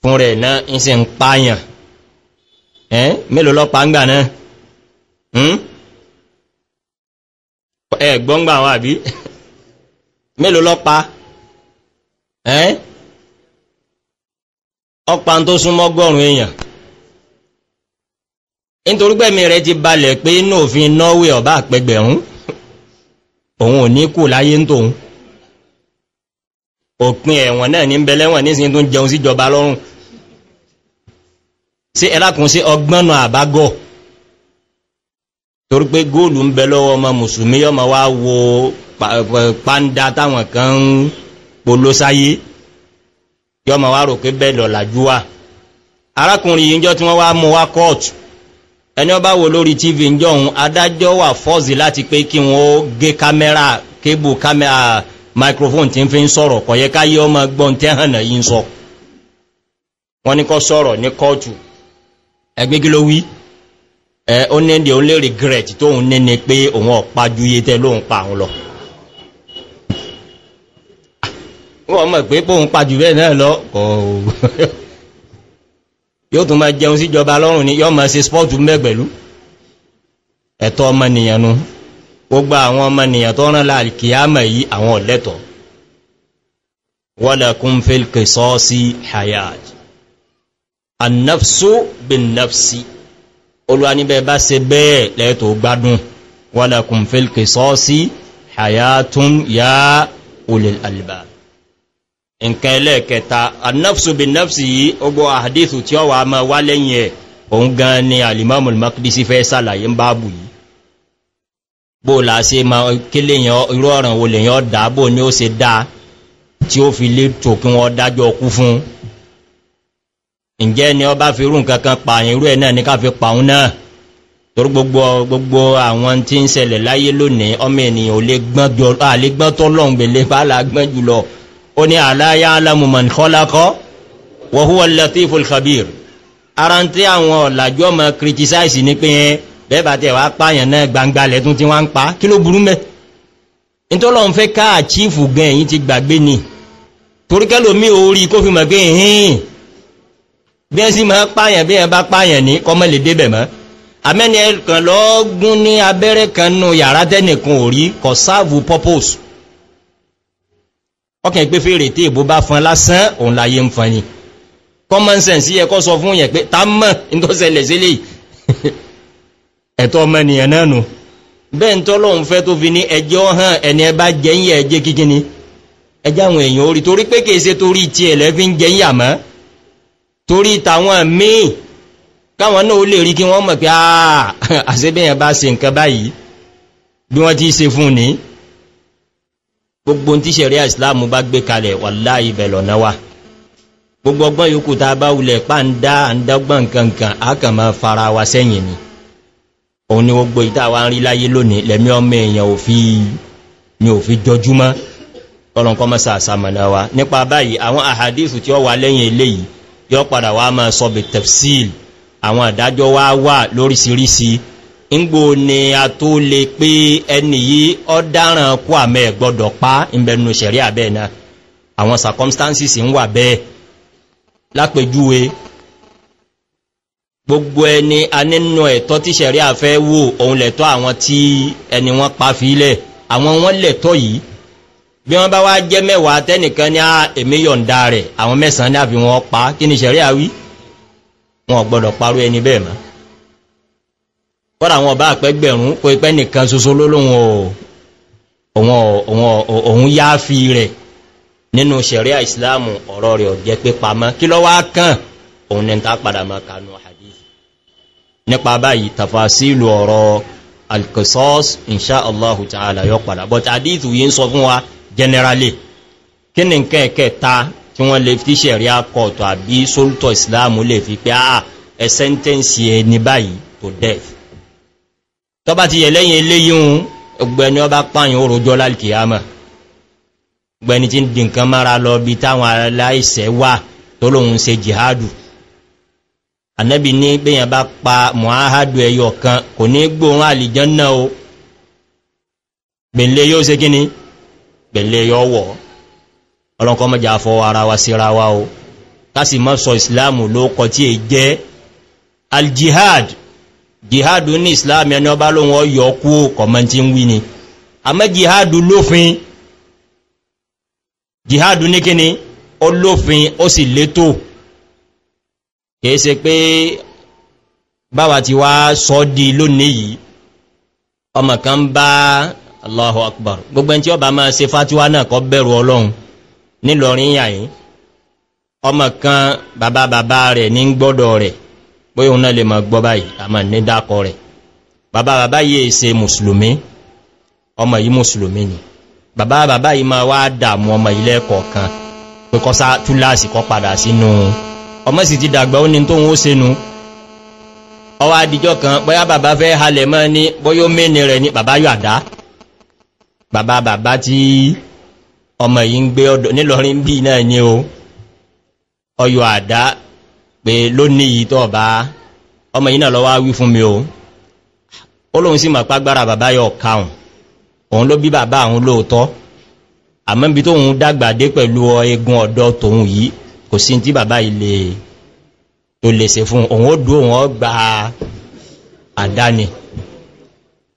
fún rẹ̀ náà ń sì ń pààyàn ẹ́ mélòó lọ́pàá ń gbà náà hmm? ẹ̀ gbọ́ngbà àwọn àbí mélòó lọ́pàá ẹ́ ọpa tó súnmọ́gọ́rùn-ún èèyàn nítorí pẹ́mi rẹ̀ ti balẹ̀ pé inú òfin norway ọba àpẹgbẹ̀rún òun ò ní kù láyé ń tòun òpin ẹ̀wọ̀n náà ní bẹ̀lẹ́wọ̀n nísìnyí tó ń jẹun síjọba lọ́rùn sí ẹlákùn sí ọgbọ́nà àbágọ́ torí pé góòlù ń bẹ lọ́wọ́ ọmọ mùsùlùmí ọmọ wá wo pàǹdà táwọn kan ń polo sáyé yọmọ wá rò pé bẹ́ẹ̀ lọ̀làjú wa arákùnrin yìí ń jọ tí wọ́n wá mú wá kóòtù ẹni ọba wo lórí tv ń jọun adájọ́ wà fọ́ọ̀sì láti pé kí wọ́n gé kámẹ́rà kébù kámẹ́rà microphone tí ń fi ń sọ̀rọ̀ kọ̀yẹ káyé ọmọ gbọ́n tẹ́ hànà yìí ń sọ wọ́n ní kọ́ sọ̀rọ̀ ní kóòtù ẹgbẹ́ kí ló wí ẹ ó ní ẹ̀dẹ̀ ó lè regret tóun ní ni pé òun ọ̀pá ju iye tẹ́ lóun pa àwọn lọ wọ́n mọ̀ pé bóun pa jù bẹ́ẹ̀ náà lọ yóò tún máa jẹun síjọba lọ́rùn ní yọ́ máa ṣe spọ́ọ̀tù mẹ́ ẹ̀tọ́ ọmọnìyàn gbogbo àwọn ọmọnìyàn tó rán láàkìyàmọ̀ yìí àwọn ọ̀lẹ́tọ̀ wọ́lẹ̀kún fílkì sọ́ọ́sí hayaj annafsu bin nafsi olúwa níbẹ̀ bá se bẹ́ẹ̀ lẹ́ẹ̀tọ̀ gbádùn wọ́lẹ̀kún fílkì sọ́ọ́sí hayatun ya ulil albab nǹkan ẹlẹ́ẹ̀kẹta annafsu bin nafsi yìí ogbó àdíthù tí ó wà mọ́ wá lẹ́yìn ẹ̀ òun gan ni alimamul makidisi fẹ́ sàlàyé ń báàbù yìí bó làásí ma kí lèyàn irú ọ̀ràn wo lèyàn dá bó ní ó se dá tí ó fi lè tò kí wọ́n dájọ́ kú fún ǹjẹ́ ni ọ bá fi rú nǹkan kan pààyàn irú ẹ̀ náà ní ká fi pàun náà torí gbogbo gbogbo àwọn tí ń ṣẹlẹ̀ láyé lónìí ọmọ ènìyàn ò lè gbọ́n tọ́lọ́ǹgbèlé bá làgbọ́n jùlọ ó ní àláyá alámùmọ̀n kọ́lákọ́ wọ́húwọ́ latiful khabir ara ń tí àwọn ọ̀làjú ọmọ criticize ní pé bẹ́ẹ̀bà tẹ̀ wá pààyàn náà gbangba lẹ́tún tí wọ́n ń pa kí ló burú mẹ́ nítọ́lọ́ ń fẹ́ ká àchífù gan èyí ti gbàgbé ni toríkẹ́lò mí orí kó fi mọ̀ pé hìn bí ẹ sì máa pààyàn ọkàn ìpé fèrè tí ìbò bá fọn lásán òun láyé ń fọn ni common sense yẹ kọ́ sọ fún yẹn pé ta mọ̀ ní tó ṣẹlẹ̀ sílé ẹ̀tọ́ ọmọ ènìyàn náà nù bẹ́ẹ̀ ń tọ́lọ́hun fẹ́ tó fi ní ẹjẹ́ ọ̀hán ẹni ẹ bá jẹ́yìn ẹjẹ́ kíkíní ẹjẹ́ àwọn èèyàn orí torí pé kìí ṣe torí ti ẹ̀lẹ́ fi ń jẹ́yìn àmọ́ torí tàwọn míì káwọn náà ó lè rí kí wọ́n mọ̀ pé àṣẹ́bẹ̀yàn bá ṣe gbogbo tí ṣẹ̀ríà ìsìláàmù bá gbé kalẹ̀ wàláhì bẹ̀ lọ́nà wa gbogbo ọgbọ́n yòókù ta bá wulẹ̀ pà ń dá àndágbọ́n kankan àkàn máa fara wa sẹ́yìn ni òun ni gbogbo ìtawà ń rí láyé lónìí lẹ́mí ọmọ èèyàn ni ò fi jọjúmọ́ ọlọ́nkọ́ mọ́sà àsàmọ̀nà wa nípa báyìí àwọn àhàdífù tí ó wà lẹ́yìn eléyìí yóò padà wá máa sọ bẹ̀ tẹ̀fsíl àwọn àdájọ́ wá wà lóríṣiríṣi ńgbò ni a tó lè pé ẹni yìí ọ dáràn kú àmẹ́ gbọ́dọ̀ pa ìbẹ̀nu sẹ̀rí àbẹ́ náà àwọn circumstances ń wà bẹ́ẹ̀ lápẹjúwe gbogbo ẹni a nínú ẹ̀tọ́ tí sẹ̀rí àfẹ́ wò òun lẹ̀tọ́ àwọn tí ẹni wọ́n pa fílẹ̀ àwọn wọ́n lẹ̀tọ́ yìí bí wọ́n bá wá jẹ́ mẹ́wàá tẹ́nìkan ní èmi yọ̀ǹda rẹ̀ àwọn mẹ́sàn-án ní àfi wọn pa kí ni sẹ̀rí àwí wọn gbọ́dọ̀ parú ẹni bẹ́ẹ̀ mọ́ kọ́nà àwọn ọba àpẹ́gbẹ̀rún kò ipẹ́ nìkan soso lólóhun òun yá fi rẹ̀ nínú sẹ̀ríà ìsìláàmù ọ̀rọ̀ rẹ̀ ọ̀jẹ́ pé pamọ́ kí lọ wá kàn òun ní ta padà mọ́ kanú hadith nípa báyìí tafasílù ọ̀rọ̀ alkisos inṣá allahu ta'ala yọ padà but hadith yìí ń sọ fún wa generally kí ni nǹkan ẹ̀kẹta tí wọ́n lè fi sẹ̀ríà kọ̀ọ̀tọ̀ àbí sólútọ̀ ìsìláàmù lè fi pé àà ẹ̀ sẹ́ńtẹ́ǹsì ẹni báyìí to death tó bá ti yẹ̀ lẹ́yìn eléyìn ọgbẹni ọba pààyàn oròjọ́ lálkìyàmà gbẹni tí ń dì nǹkan mara lọ bí táwọn aláìsẹ̀ wà tó lóhun ṣe jihadu anẹ́bì ní gbẹ̀yàn bá pa mọ̀háhádù ẹyọ kan kò ní gbóhun àlìjánná o gbẹ̀lẹ̀ yóò ṣe kíní gbẹ̀lẹ̀ yóò wọ̀ ọlọ́nkọ́ mọ́jà fọ́ ara wa síra wa o kásì sọ ìsìláàmù ló kọ tí è jẹ́ aljihad jihadu ní islam ẹni ọba lóhun ọyọ kú kọmọ tí ń wí ni àmọ́ jihadu lófin jihadu ní kíni ó lófin ó sì létò kìí ṣe pé báwa ti wá sọ di lónìí yìí ọmọ kan bá allahu akbar gbogbo ẹni tí ọba máa ṣe fatiwa náà kọ bẹ̀rù ọlọ́run nílọrin yàyí ọmọ kan bàbá bàbá rẹ̀ ní gbọ́dọ̀ rẹ̀ bóyá òun náà lè máa gbọ́ báyìí a máa ní dákọ rẹ̀ bàbá bàbá yìí ṣe mùsùlùmí ọmọ yìí mùsùlùmí ni bàbá bàbá yìí máa wá dààmú ọmọ ilé ẹ̀kọ́ kan pé kọ́ sá túláàsì kọ́ padà sínú ọmọ sì ti dàgbà ó ní tóun ó ṣenu ọwọ́ adijọ́ kan bóyá bàbá fẹ́ halẹ̀ mọ́ ní bóyá ó mẹ́ni rẹ̀ ní bàbá yọ àdá bàbá bàbá tí ọmọ yìí ń gbé ọdọ̀ nílọrin bíi náà ni o ọyọ̀ àdá pé lónìí yìí tó bá ọmọ yìí náà lọ wá wí fún mi o ó lóun sì mọ̀ pàgbára bàbá yọ káhùn òun ló bí bàbá àwọn lóòótọ́ àmọ́ bí tóun dàgbà dé pẹ̀lú eegun ọ̀dọ́ tòun yìí kò sí tí bàbá ilé tó lè ṣe fún òun ó dú òun ó àdáni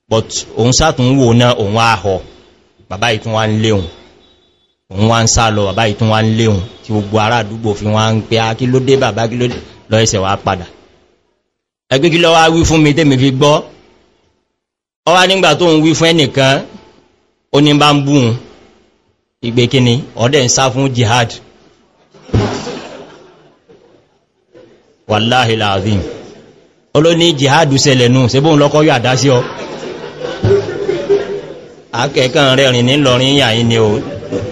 but òun sátún wò náà òun àhọ bàbá ìtún wá ń léhùn òun wá ń sá lọ bàbá ìtún wá ń léhun tí gbogbo ará àdúgbò fi wá ń pé a ah, kí ló dé bàbá kí ló lọ ẹsẹ̀ wá padà ẹgbẹ́ kí lọ wá wí fún mi tèmi fi gbọ́ ọ wá nígbà tó ń wí fún ẹnìkan ó ní bá ń búhun ìgbé kíni ọ̀dẹ̀ ń sá fún jihad wàláhì láàrin olóní jihad sẹlẹ̀ nù sẹ́bùn lọ́kọ́ yóò àdá sí ọ akẹ́kàn rẹ̀ rìn ní lọ́rin yàí ni o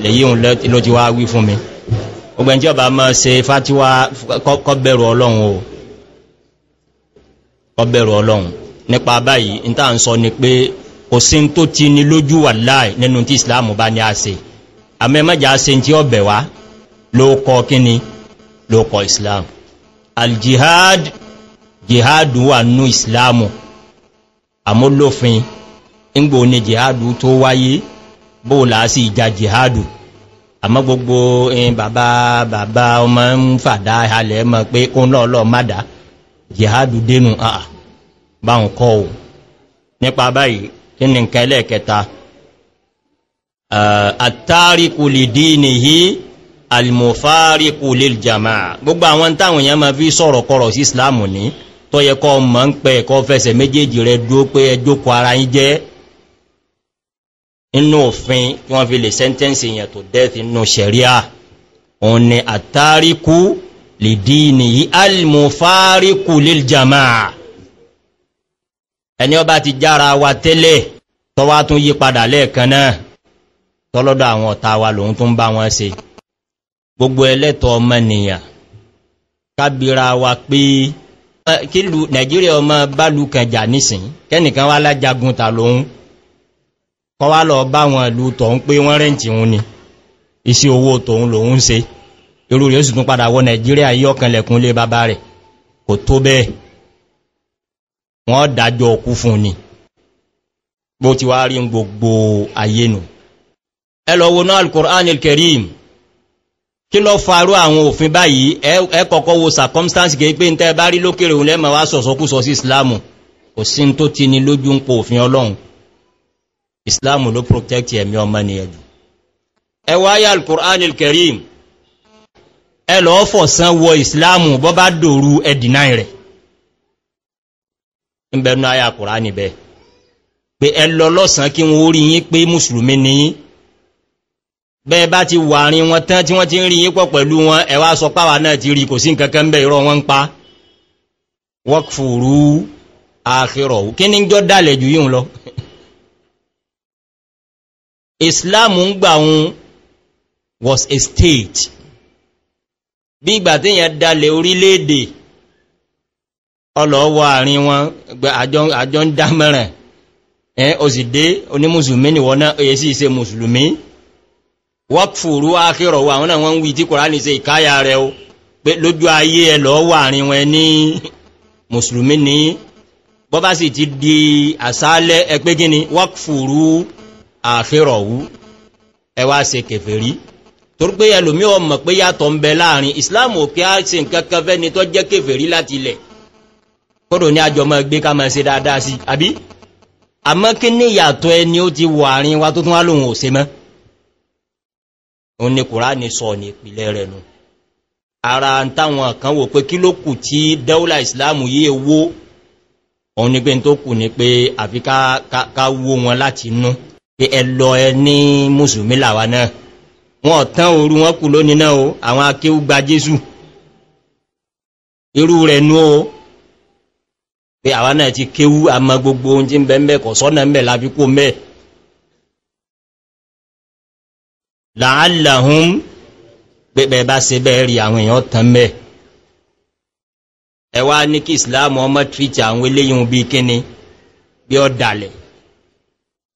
lèyí òun ló ti wá wí fún mi gbogbo ẹni tí ọba máa ṣe fatiwa kọbẹ̀rù ọlọ́run o kọbẹ̀rù ọlọ́run nípa báyìí n tá à ń sọ ni pé kò sí n tó ti ni lójú wà láì nínú tí ìsìláàmù bá ní a ṣe àmọ́ se má jà ṣe tí ọbẹ̀ wá ló kọ kíni ló kọ ìsìláàmù aljihad jihad wà nú ìsìláàmù àmúlòfin ń gbò ní jihad tó wáyé bóòlà sí ìjà jihadu àmọ́ gbogbo ẹn bàbá bàbá ọmọ ń fàdá halẹ̀ mọ́ pé kó náà lọ mádà jihadu dénú àà bá ń kọ́ ò nípa báyìí kí ni nǹkan ẹlẹ́ẹ̀kẹta àtàríkù lè dí nìyí almofáríkù lè jàmà gbogbo àwọn táwọn èèyàn máa fi sọ̀rọ̀ kọ̀rọ̀ sí islam ní tó kọ́ mọ́ ń pẹ́ ẹ̀kọ́ fẹsẹ̀ méjèèjì rẹ̀ dúó pé ẹjókòó ara yín jẹ́ inú òfin kí wọ́n fi lè sẹ́ntẹ́nsì èèyàn tó death inú sẹ̀ríà òun ni àtàríkú lè dí ní yí alìmọ̀fáríkù lil jamaa ẹni ọba ti jára wa tẹ́lẹ̀ tọ́wá tún yí padà lẹ́ẹ̀kan náà tọ́lọ́dọ̀ àwọn ọ̀tá wa lòun tún bá wọn ṣe gbogbo ẹlẹ́tọ̀ ọmọnìyàn kábíra wa pé kílù nàìjíríà ọmọ bálùkànjà nísìn kẹ́nìkan wá lájagun ta lòun kọ́ wá lọ bá wọn ìlú tọ̀hún pé wọ́n rẹ̀ǹtì wọn ni iṣẹ́ owó tòun lòun ń se irú rẹ̀ sì tún padà wọ nàìjíríà yí ọkànlẹ̀kún lé bàbá rẹ̀ kò tó bẹ́ẹ̀ wọ́n dájọ́ ọkú fún ni bó ti wá rí gbogbo ayé nù ẹlọ́wọ́ àwọn òfin báyìí ẹ wo circumstance gẹ́ pé tẹ́ bá rí lókèrè òun lẹ́mọ̀ wá sọ̀sọ́kú sọ sí islamu kò sí tó ti ni lójú ń po òfin ọlọ́run islam ló protect ẹ̀mí ọmọ ni ẹ̀dù ẹwà ayà al-qur'an al-karim ẹlọ fọ̀sán wọ islam bọ́ bá dòrú ẹ̀dìnà rẹ̀ ń bẹ̀rún ayà al-qur'an ibẹ̀ pé ẹlọ lọ́sàn kí wọ́n rí yín pé mùsùlùmí ni yín bẹ́ẹ̀ bá ti wà rin wọn tán tí wọ́n ti ń rí yín pọ̀ pẹ̀lú wọn ẹwà sọ páwà náà ti rí kò sí nkankan bẹ́ ìrọ wọn ń pa wọ́kfùrú àkírọ̀ kí ní jọ́ dálẹ̀ jù yíò lọ islam ń gbà wọn was a state bí ìgbà tí yẹn dalẹ̀ orílẹ̀-èdè ọlọ́wọ́ àárín wọn àjọ ń dámẹ́rẹ̀ ẹ́ òsìdé onímùsùlùmí ni wọ́n náà èyí sí ìse mùsùlùmí wọ́pùrú ákírọ̀ wà wọ́n wọ́n wí tí kòrá ní se ìkáyà rẹ̀ o pé lójú ayé ẹ lọ́wọ́ àárín wọn ní mùsùlùmí ní bọ́bá sì ti di àsálẹ́ ẹgbẹ́ gíní wọ́pùrú àfihànwú ẹ wá ṣe kèfèrí torí pé ẹlòmí ọmọ pé yàtọ̀ ń bẹ láàrin islam òkè á ṣe nǹkan kan fẹ́ni tó jẹ́ kèfèrí láti ilẹ̀ kódò ní àjọmọ́ gbé ká máa ṣe dáadáa sí àbí àmọ́ kí ní ìyàtọ̀ ẹni ó ti wọ àárín wa tó tún wá lòun ò ṣe mọ́ ara ń táwọn kan wò pé kí ló kù tí dẹ́wùlà ìsìláàmù yìí wó òun ni pé tó kù ni pé àfi ká wó wọn láti inú pé ẹlọ ẹ ní mùsùlùmí làwà náà wọn tán orú wọn kù lónìí náà o àwọn akéwú gba jésù irú rẹ̀ nú o pé àwọn náà ti kéwú àmọ́ gbogbo ohun ń bẹ ń bẹ kọ̀ sọ́nà ń bẹ láfi mẹ́ làálàhún pé bẹ́ẹ̀ bá tán mẹ́ ẹ wá ní kí ìsìláàmù ọmọ tìrìtì àwọn bíi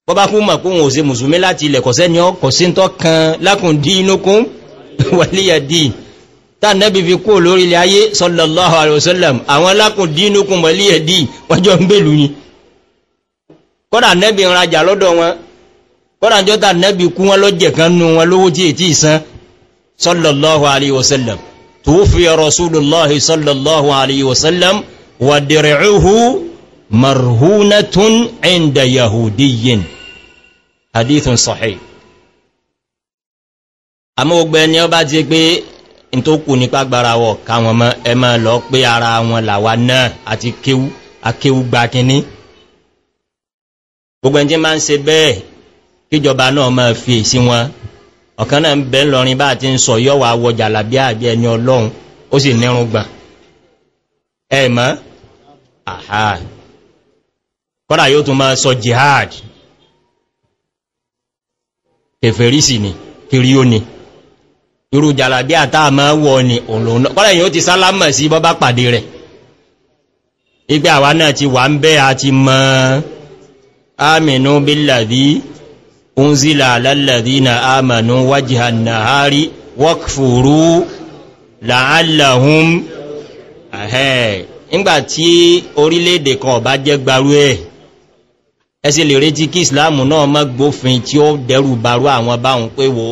bọ́bá kún mọ̀ pé wọn ò se mùsùlùmí láti ilẹ̀ kọ̀sẹ́ ni ọ kọ̀sí tọ́ kan lákùn dí inúkún wàlíyà dí táà nẹ́bí fi kó lórí ilẹ̀ ayé sọ́lọ́lọ́hà àrẹ́sọ́lẹ̀m àwọn lákùn dí inúkún wàlíyà dí wọ́jọ́ ń bèlú ni kọ́dà nẹ́bí rajà lọ́dọ̀ wọn kọ́dà jọ́ táà nẹ́bí kú wọn lọ́jẹ̀ kan nu wọn lówó tí ètí ìsan sọ́lọ́lọ́hà marhunatun inda yahudiyin hadithun sahih àmọ́ ogbẹ́ ni ọ bá ti pé in tó kù nípa gbára wọ̀ káwọn mọ́ ẹ mọ́ lọ pé ara wọn làwà náà àti kéwú akéwú gba kíní gbogbo ẹni tí máa ń se bẹ́ẹ̀ kíjọba náà mọ́ fi èsí wọn ọ̀kan náà ń bẹ lọrin bá ti ń sọ yọ́wà wọ jàlàbí àbí ẹni ọlọ́run ó sì nírun gbà ẹ mọ́ àhà kọ́dà yóò tún máa sọ jihad kèfèrí sì ni kiri ó ni irú jàlàbí àtà máa wọ ni òun kọ́lẹ̀ yóò ti sálámà sí bọ́bá pàdé rẹ̀ igbé àwa náà ti wà ń bẹ́ àti mọ́ ámìnú bílàdí ounzila alálàdí na ámànú wájìhà nàárí wọ́kfùrú làálàhún àhẹ́ nígbàtí orílẹ̀-èdè kan ọ̀bá jẹ́ gbarú ẹ̀ ẹsẹ̀ lè retí kí ìsìláàmù náà mọ́ gbófin tí ó dẹ̀rù bàrú àwọn báhùn pé wo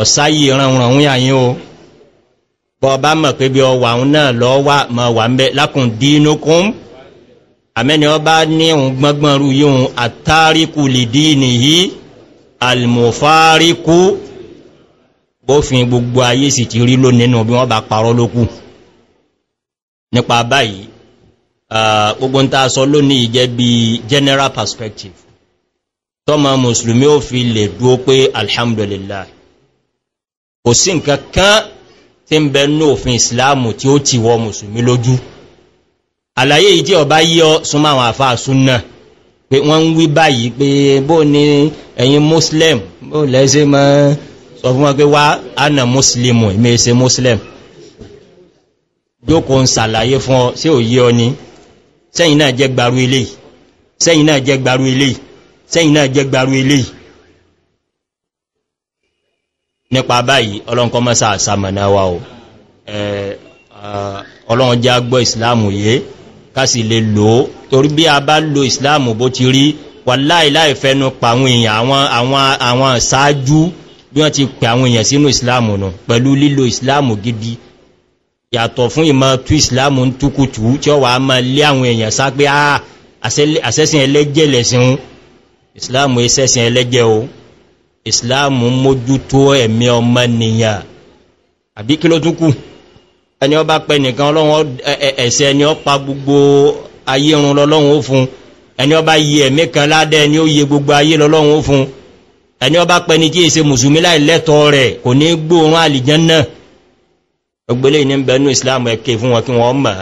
ọ̀sáyì ránranrún yàyín o bọ́ bá mọ̀ pé bí ọwà òun náà lọ wà mọ̀ wà mẹ́ lákùn dínúkún àmẹ́ni ọ bá ní òun gbọ́ngbọ́n rú yíhun àtàríkù lè nìyí àlùmọ̀fáríkù bófin gbogbo ayé sì ti rí lónìí nù bí wọ́n bá parọ́ lókù nípa báyìí Ah, gbogbo ń taa sọ lónìí jẹ́ bí general perspective tọ́mà mùsùlùmí ó fi lè dúó pé alhamdulillah kò sí nǹkan kan tí ń bẹ ní òfin islamu tí ó ti wọ mùsùlùmí lójú àlàyé yìí tí ọba yíọ súnmọ́ àwọn àfáà súnnà pé wọ́n ń wí báyìí pé bó ní ẹ̀yin muslim bó lẹ́sẹ̀ mọ́ sọ fún wọn pé wá ánà muslimu ìmẹ́ẹ̀ṣẹ́ muslim jókòó ń sàlàyé fún ọ sí òyí ọ ni sẹ́yìn náà jẹ́ gbaru ilé sẹ́yìn náà jẹ́ gbaru ilé sẹ́yìn náà jẹ́ gbaru ilé nípa báyìí ọlọ́nkọ́ mọ́sá àsàmọ̀nà wa o ọlọ́run jẹ́ agbọ́ ìsìláàmù yé kásì lè lò ó torí bí a bá lo ìsìláàmù bó ti rí wà láìláì fẹ́nu pàwọn èèyàn àwọn ṣáájú bí wọ́n ti pẹ̀ àwọn èèyàn sínú ìsìláàmù nù pẹ̀lú lílo ìsìláàmù gidi yàtọ̀ fún ìmọ̀ tú ìsìláàmù ń túkùtù tí ó wà á máa lé àwọn èèyàn sá pé ah, àṣẹ́sìn ẹlẹ́jẹ̀ lẹ̀sìn ìsìláàmù ẹsẹ́sìn ẹlẹ́jẹ̀ o ìsìláàmù mójútó ẹ̀mí ọmọ nìyàn àbí kí ló tún kù ẹni ọba pẹ nìkan ọlọ́wọ́n ẹ̀ṣẹ̀ ẹni ọpa gbogbo ayé run lọ́lọ́wọ́n ó fún ẹni ọba yí ẹ̀mí kan ládẹ́ ẹni ó yẹ gbogbo ayé lọ́lọ́wọ́n ó fún ẹni ọba pẹ ní kí èsè mùsùlùmí láì lẹ́tọ̀ọ́ rẹ̀ kò ní gbóòórùn àlìjẹ́ ọgbẹ̀lẹ̀ ní bẹnu islam ẹ̀kẹ́ fún wọn kí wọ́n mọ̀